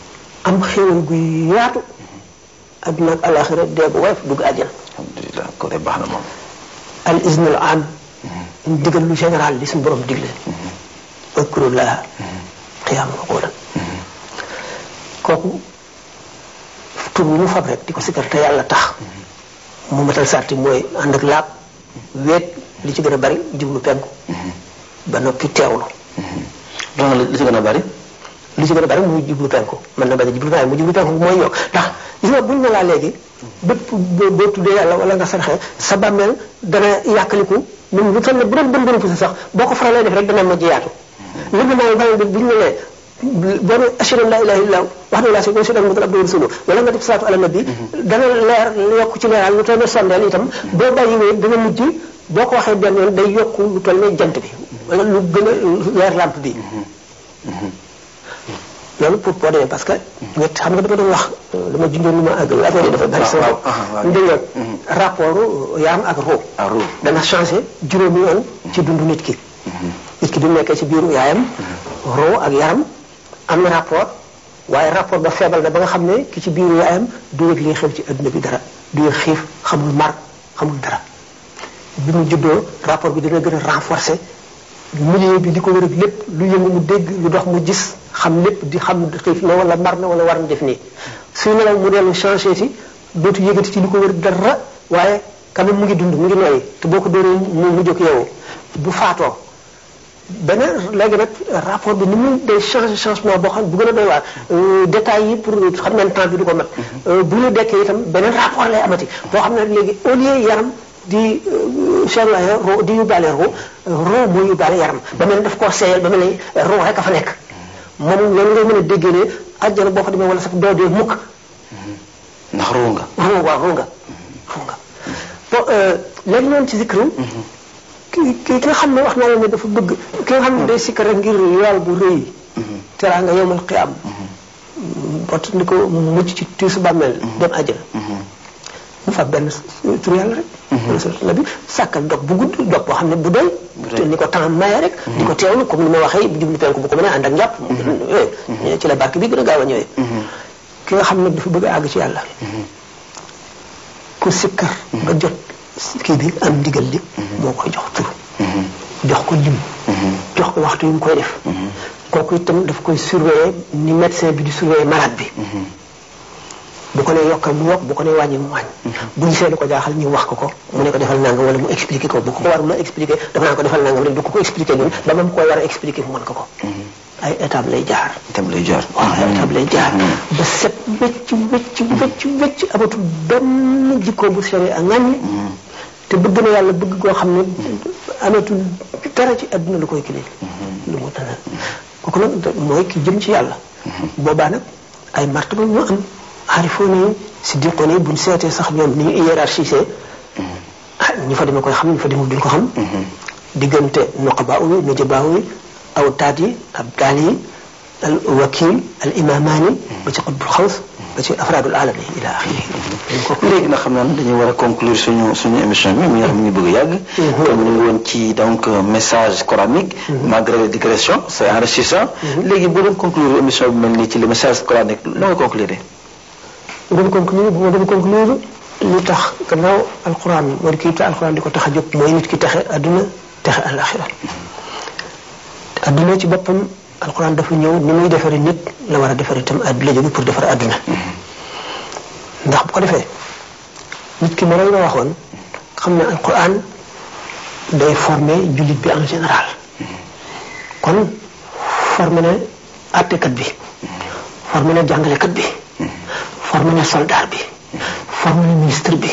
A: am xéewal gu yaatu adduna ak alaxira dee bu woyof dugg àjjana. alhamdulilah kon baax na moom. al iznul am. ndigal mm-hmm. lu général li suñ borom digle. Mm-hmm. wakurullah. xiyaam mm-hmm. ma ko kooku tur di ko sikkar te yàlla tax. mu matal sarti mooy ànd ak laab. weet li ci gën a bari jublu penku. ba noppi teewlu. donc li ci gën a bari. li ci gën a bari muy jublu penku mën na bari jublu penku mu jublu penku mooy yokk ndax. gis bu buñ ne laa léegi bépp boo tuddee yàlla wala nga sarxe sa bàmmeel dana yàqaliku même lu toll ne bu doon bën bën ko faralee def rek dana mujj yaatu li nga naan bàmmeel bi buñ ne nee boo ne ashhadu an laa ilaaha illallaah wahdahu laa shariika lahu muhammadan abduhu wa rasuluhu boo ko waxee benn yoon day yokk lu toll ne jant bi wala lu gën a leer lamp bi loolu pour boo demee parce que. wet xam nga dama doon wax dama junjoon lu ma àggal dafa bari solo. waaw waaw dégg nga mm-hmm. ah, changé juróomi yoon mm-hmm. ci dundu nit ki. Mm-hmm. nit ki bi mu nekkee ci biiru yaayam. ruu ak yaram am na rapport waaye rapport ba feebal na ba nga xam ne ki ci biiru yaayam du yëg li xew ci adduna bi dara du yëg xiif xamul mar xamul dara bi mu juddoo rapport bi dina gën a renforcer. mu milieu bi li ko wër ak lépp lu yëngu mu dégg lu ndox mu gis xam lépp di xam xiif na wala mar na wala war na def nii suy nelaw mu dellu changé si dootu yëgati ci li ko wër dara waaye quand mu ngi dund mu ngi nooyi te boo ko dóoree mu mu jóg yow bu faatoo beneen léegi nag rapport bi nu mu day changé changement boo xam bu gën a doy waar euh, détails yi pour xam ne temps bi du ko mat mhm. euh, bu ñu dekkee itam beneen rapport lay amati boo xam ne léegi au lieu di seetluwaay euh, ru di yóbbaale ru ru mooy yóbbaale yaram ba mel ne def koo seeyal ba mel ni ru rek fa nekk moom loolu ngay mën a déggee ne àjjana boo fa demee wala sax doo dee mukk mm-hmm. ndax ru nga ru nga ru nga mm-hmm. bon euh, noonu ci zikru mm-hmm. ki ki nga xam ne wax naa leen dafa bëgg ki nga xam ne day sikkar rek bu rëy teraanga yowmal qiyaam bot ni ko mucc ci tiisu bàmmeel dem àjjana mu fab benn tur yàlla rek. wala mhm. suratul nabi sàkkal dog bu gudd dog boo xam ne bu doy. ni ko temps maye rek. Mhm. di ko teewlu comme ni ma waxee jublu bu ko mënee ànd ak njàpp. Mhm. Eh, eh, ci la bi gën a ki xam ne dafa bëgg àgg ci yàlla. ku sikkar ba bi am ndigal li. moo koy jox tur. jox ko lim. jox ko waxtu yu mu koy def. kooku itam daf koy surveiller ni médecin bi di surveiller malade bi. bu ko nee yokkal mu yokk bu ko nee wàññi mu wàññ mm-hmm. bu ñu seetlu ko jaaxal ñu wax ko ko mu ne ko defal nangam wala mu expliqué ko bu ko warul a expliqué dafa naa ko defal nangam rek ko ko expliqué loolu ba mu koy war a expliqué mu mën ko ko mm-hmm. ay étape lay jaar étape lay jaar waaw étape mm-hmm. ba set bu sere a ŋàññ te bëgg na yàlla bëgg koo xam ne amatul dara ci adduna lu koy kilé lu mu tëral kooku nag mooy ki jëm ci yàlla boobaa nag ay martaba ñu am xalifoon si siddiqoon yi buñ seetee sax ñoom ni ñu hiérarchisé ah fa demee koy xam ñu fa demul duñ ko xam diggante nuqabaa yi nujabaa yi awtaat yi abdaal yi al wakil al imamaani ba ci xutbul xaws ba ci afraadul alam yi ila axiri léegi nag xam naa ne dañuy war a conclure suñu émission bi mi nga xam ñu bëgg yàgg mm-hmm. comme ñu woon ci donc message coranique mm-hmm. malgré les digressions c'est enrichissant mm-hmm. léegi boo doon conclure émission bi mel nii ci le message coranique loo conclure nga mu conclure dem conclure li tax gannaaw alquran moo di kii te di ko tax a jóg mooy nit ki texe adduna texe alaxira adduna ci boppam alquran dafa ñëw ni defaree nit la war a defaree itam adduna jóge pour defar adduna bu ko defee nit ki ma lay la waxoon xam ne alquran day forme jullit bi en général kon formé na àttekat bi formé na jàngalekat bi formé na bi formé na ministre bi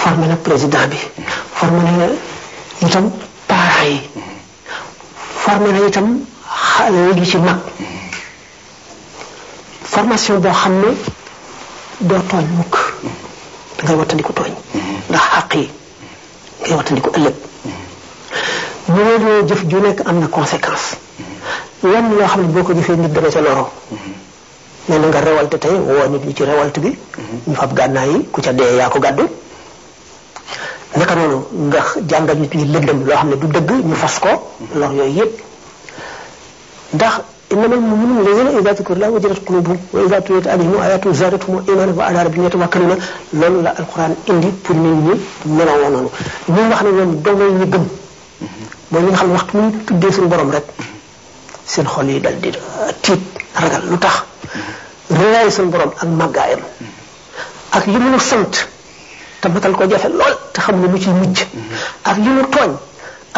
A: formé na président bi formé na itam parents yi formé na itam xale yu ci mag formation boo xam ne doo tooñ mukk da ngay wattandiku tooñ ndax xàq yi ngay wattandiku ëllëg ñu ne jëf ju nekk am na conséquence lan loo xam ne boo ko jëfee nit dana ca loroo nee na nga révolte tey woo nit ñi ci révolte bi. Mhm. ñu fab gànnaay yi ku ca dee yaa ko gàddu. naka noonu nga jàngal nit ñi lëndëm loo xam ne du dëgg ñu fas ko. Mhm. lor yooyu yëpp ndax. innamal mu'minuuna allaziina izaa zukira llaahu wajilat quluubuhum wa izaa tuliyat alayhim aayaatuhu zaadatuhum iimaanan wa alaa rabbihim yatawakkaluuna loolu la alquran indi pour nit ñi meloo noonu ñun wax ne ñoom dong ñu gëm. Mhm. mooy ñi nga xam ne waxtu mu ñu tuddee suñu borom rek seen xol yi dal di tiit ragal lu tax réyaay suñu borom ak màggaayam ak li nu sant te matal ko jafe lool te xam ne mu ci mujj ak li mu tooñ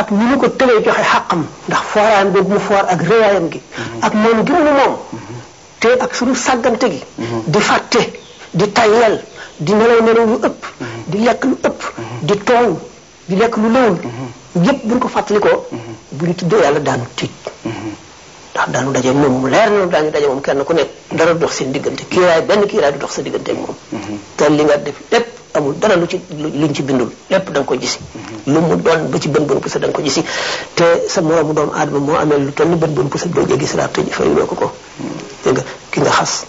A: ak ni mu ko tëlee joxe xàqam ndax fooraan googu ak réyaayam gi ak moom gi mu moom te ak suñu sàggante gi di fàtte di tayel di nelaw nelaw lu ëpp di lekk lu ëpp di tooñ di lekk lu lewul yépp buñ ko fàttalikoo bu ñu tuddee yàlla daanu tiit ndax daanu daje moom mu leer na daañu daje moom kenn ku nekk dara dox seen diggante kiiraay benn kiiraay du dox sa diggante ak moom. Mhm. te li nga def lépp amul dara lu ci luñ ci bindul lépp da ko gisi mhm. lu mu doon ba ci bën bën da nga ko gisi te sa moroomu doomu aadama moo amee lu toll ni bën bën pusa doo jéggi siraat te ko ko. Mhm. dégg nga ki nga xas.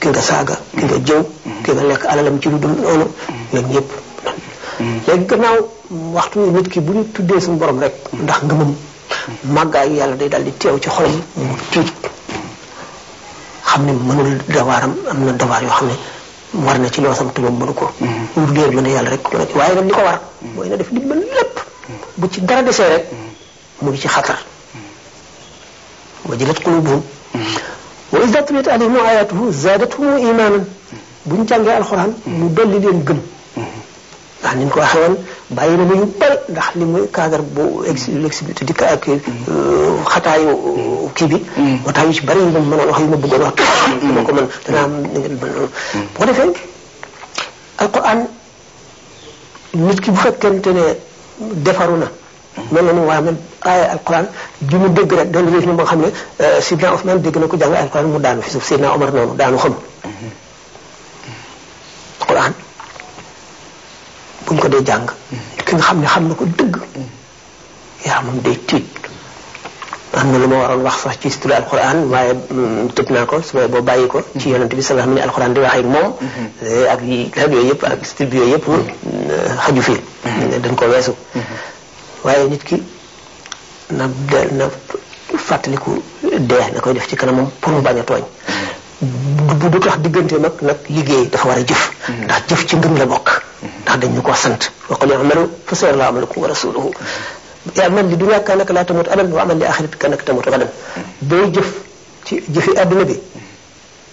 A: ki saaga. ki nga jëw. ki nga lekk alalam ci lu dul noonu. ñoom ñëpp. léegi gannaaw waxtu nit ki bu ñu tuddee suñu borom rek. ndax nga ngëmam. màggaayu yàlla day daal di teew ci xolam mu tiit xam ne mënul dawaaram am na dawaar yoo xam ne war na ci loosam te moom mënu ko. Mm-hmm. lu leer rek ko mën a waaye ko war. Mm-hmm. mooy na def li mën bu ci dara desee rek. Mm-hmm. mu ngi ci xatar. wa jilat qulubuhum. wa iza tuliyat alayhim ayatuhu zaadathum bu ñu jàngee alxuraan. mu dolli leen gëm. ndax ni ko waxee bàyyi na ma bari ndax li muy cadre bu ex l'exhibité di ak euh, xataayu euh, kii bi. waxtaan mm. ci bari yu ma mën a wax yu ma bëggoon wax. dama mm. ko mën danaa ngeen mën loolu. Mm. bu ko nit ki bu fekkente ne defaru na. mel na ni waaye man aaya alquran ji mu dégg rek dañu def ni moo xam ne euh, Sidna Ousmane dégg na ko jàng alquran mu daanu fi suuf Sidna Omar noonu daanu xam. Mm-hmm. ku mu ko ki nga xam ne xam na ko dëgg yaramam day tiit am na lu ma waroon wax sax ci studio alquran waaye mm, tëb naa ko su boo bàyyi ko ci yonent bi sallallahu alayhi alquran di wax ak moom eh, ak yi rajo yëpp ak mm-hmm. eh, mm-hmm. ko weesu mm-hmm. waaye nit ki na de na fàttaliku dee na koy def ci kanamam pour mu bañ a tooñ bu du tax diggante nag nag liggéey dafa war a jëf ndax jëf ci ngëm la bokk ndax dañ ñu ko sant wa qul i'malu fa sayarallahu amalakum wa rasuluhu i'mal li dunya kaanaka laa tamut abadan wa amal li axirati kaanaka tamut gadan booy jëf ci jëfi adduna bi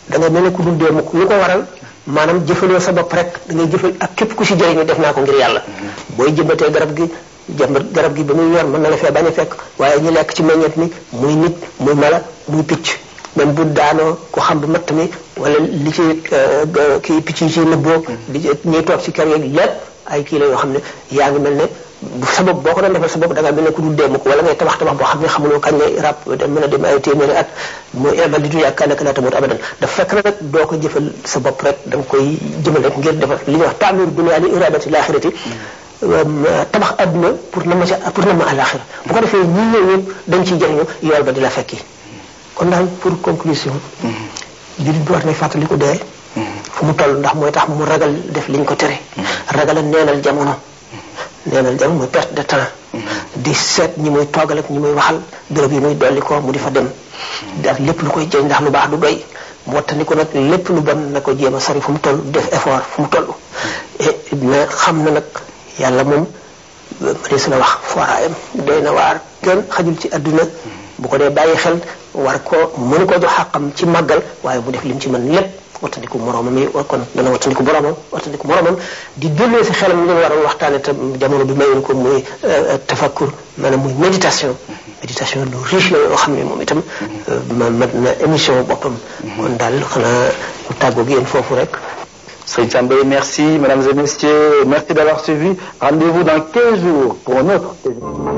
A: da nga mel ne ku dul dee mukk lu ko waral maanaam jëfaloo sa bopp rek dangay ngay jëfal ak képp ku si jëriñu def naa ko ngir yàlla booy jëmbatee garab gi jëmbat garab gi ba muy yor mën na la fee bañ a fekk waaye ñu lekk ci meññeet mi muy nit muy mala muy picc même bu daanoo ko xam bu matt mi wala li ci euh, kii picc yi ci nëbboo li ci ñuy toog ci kër yeeg lépp ay kii la yoo xam ne yaa ngi mel ne sabab boo ko ne ku dul dee mukk wala ngay tabax tabax boo ne xamuloo kañ lay rab da mën a dem ay téeméeri at mu fekk na nag doo ko jëfal sa bopp da nga koy jëmal rek ngir defal li ñuy wax taamir dunya li iradati laaxirati um, tabax adduna pour na ma ca pour na ma àlaxira bu ko defee ñi ñëw ñëpp dañ ciy jëriñu yool ba di la fekki kon daal pour conclusion. Mm-hmm. jullit bi wax nay fàttali ko dee. Mm-hmm. fu mu toll ndax mooy tax mu ragal def liñ ko tere. Mm-hmm. ragal a neenal jamono. neenal jamono mooy perte de temps. di seet ñi muy toogal ak ñi muy waxal béréb yi muy dolli mu defa fa dem. ndax lépp lu koy jëriñ ndax lu baax du doy. mu ko nag lépp lu bon na ko jéem a sori fu mu toll def effort fu mu toll. Eh, xam na nag yàlla moom mënees na wax foraayam doy na waar kenn xajul ci àdduna. bu ko dee bàyyi xel war ko mën ko jox xàqam ci màggal waaye bu def lim ci mën lépp wattandiku moroomam yi kon dana wattandiku boromam wattandiku moroomam di delloo si xelam li ñu waroon waxtaane tam jamono bi mayuñu ko muy euh, tafakkur maanaam muy méditation méditation lu riche la yoo xam ne moom tam euh, ma mat na émission boppam kon daal xanaa tàggoog yéen foofu rek Sri Tambay, merci. Mesdames et messieurs, merci d'avoir suivi. Rendez-vous dans 15 jours
C: pour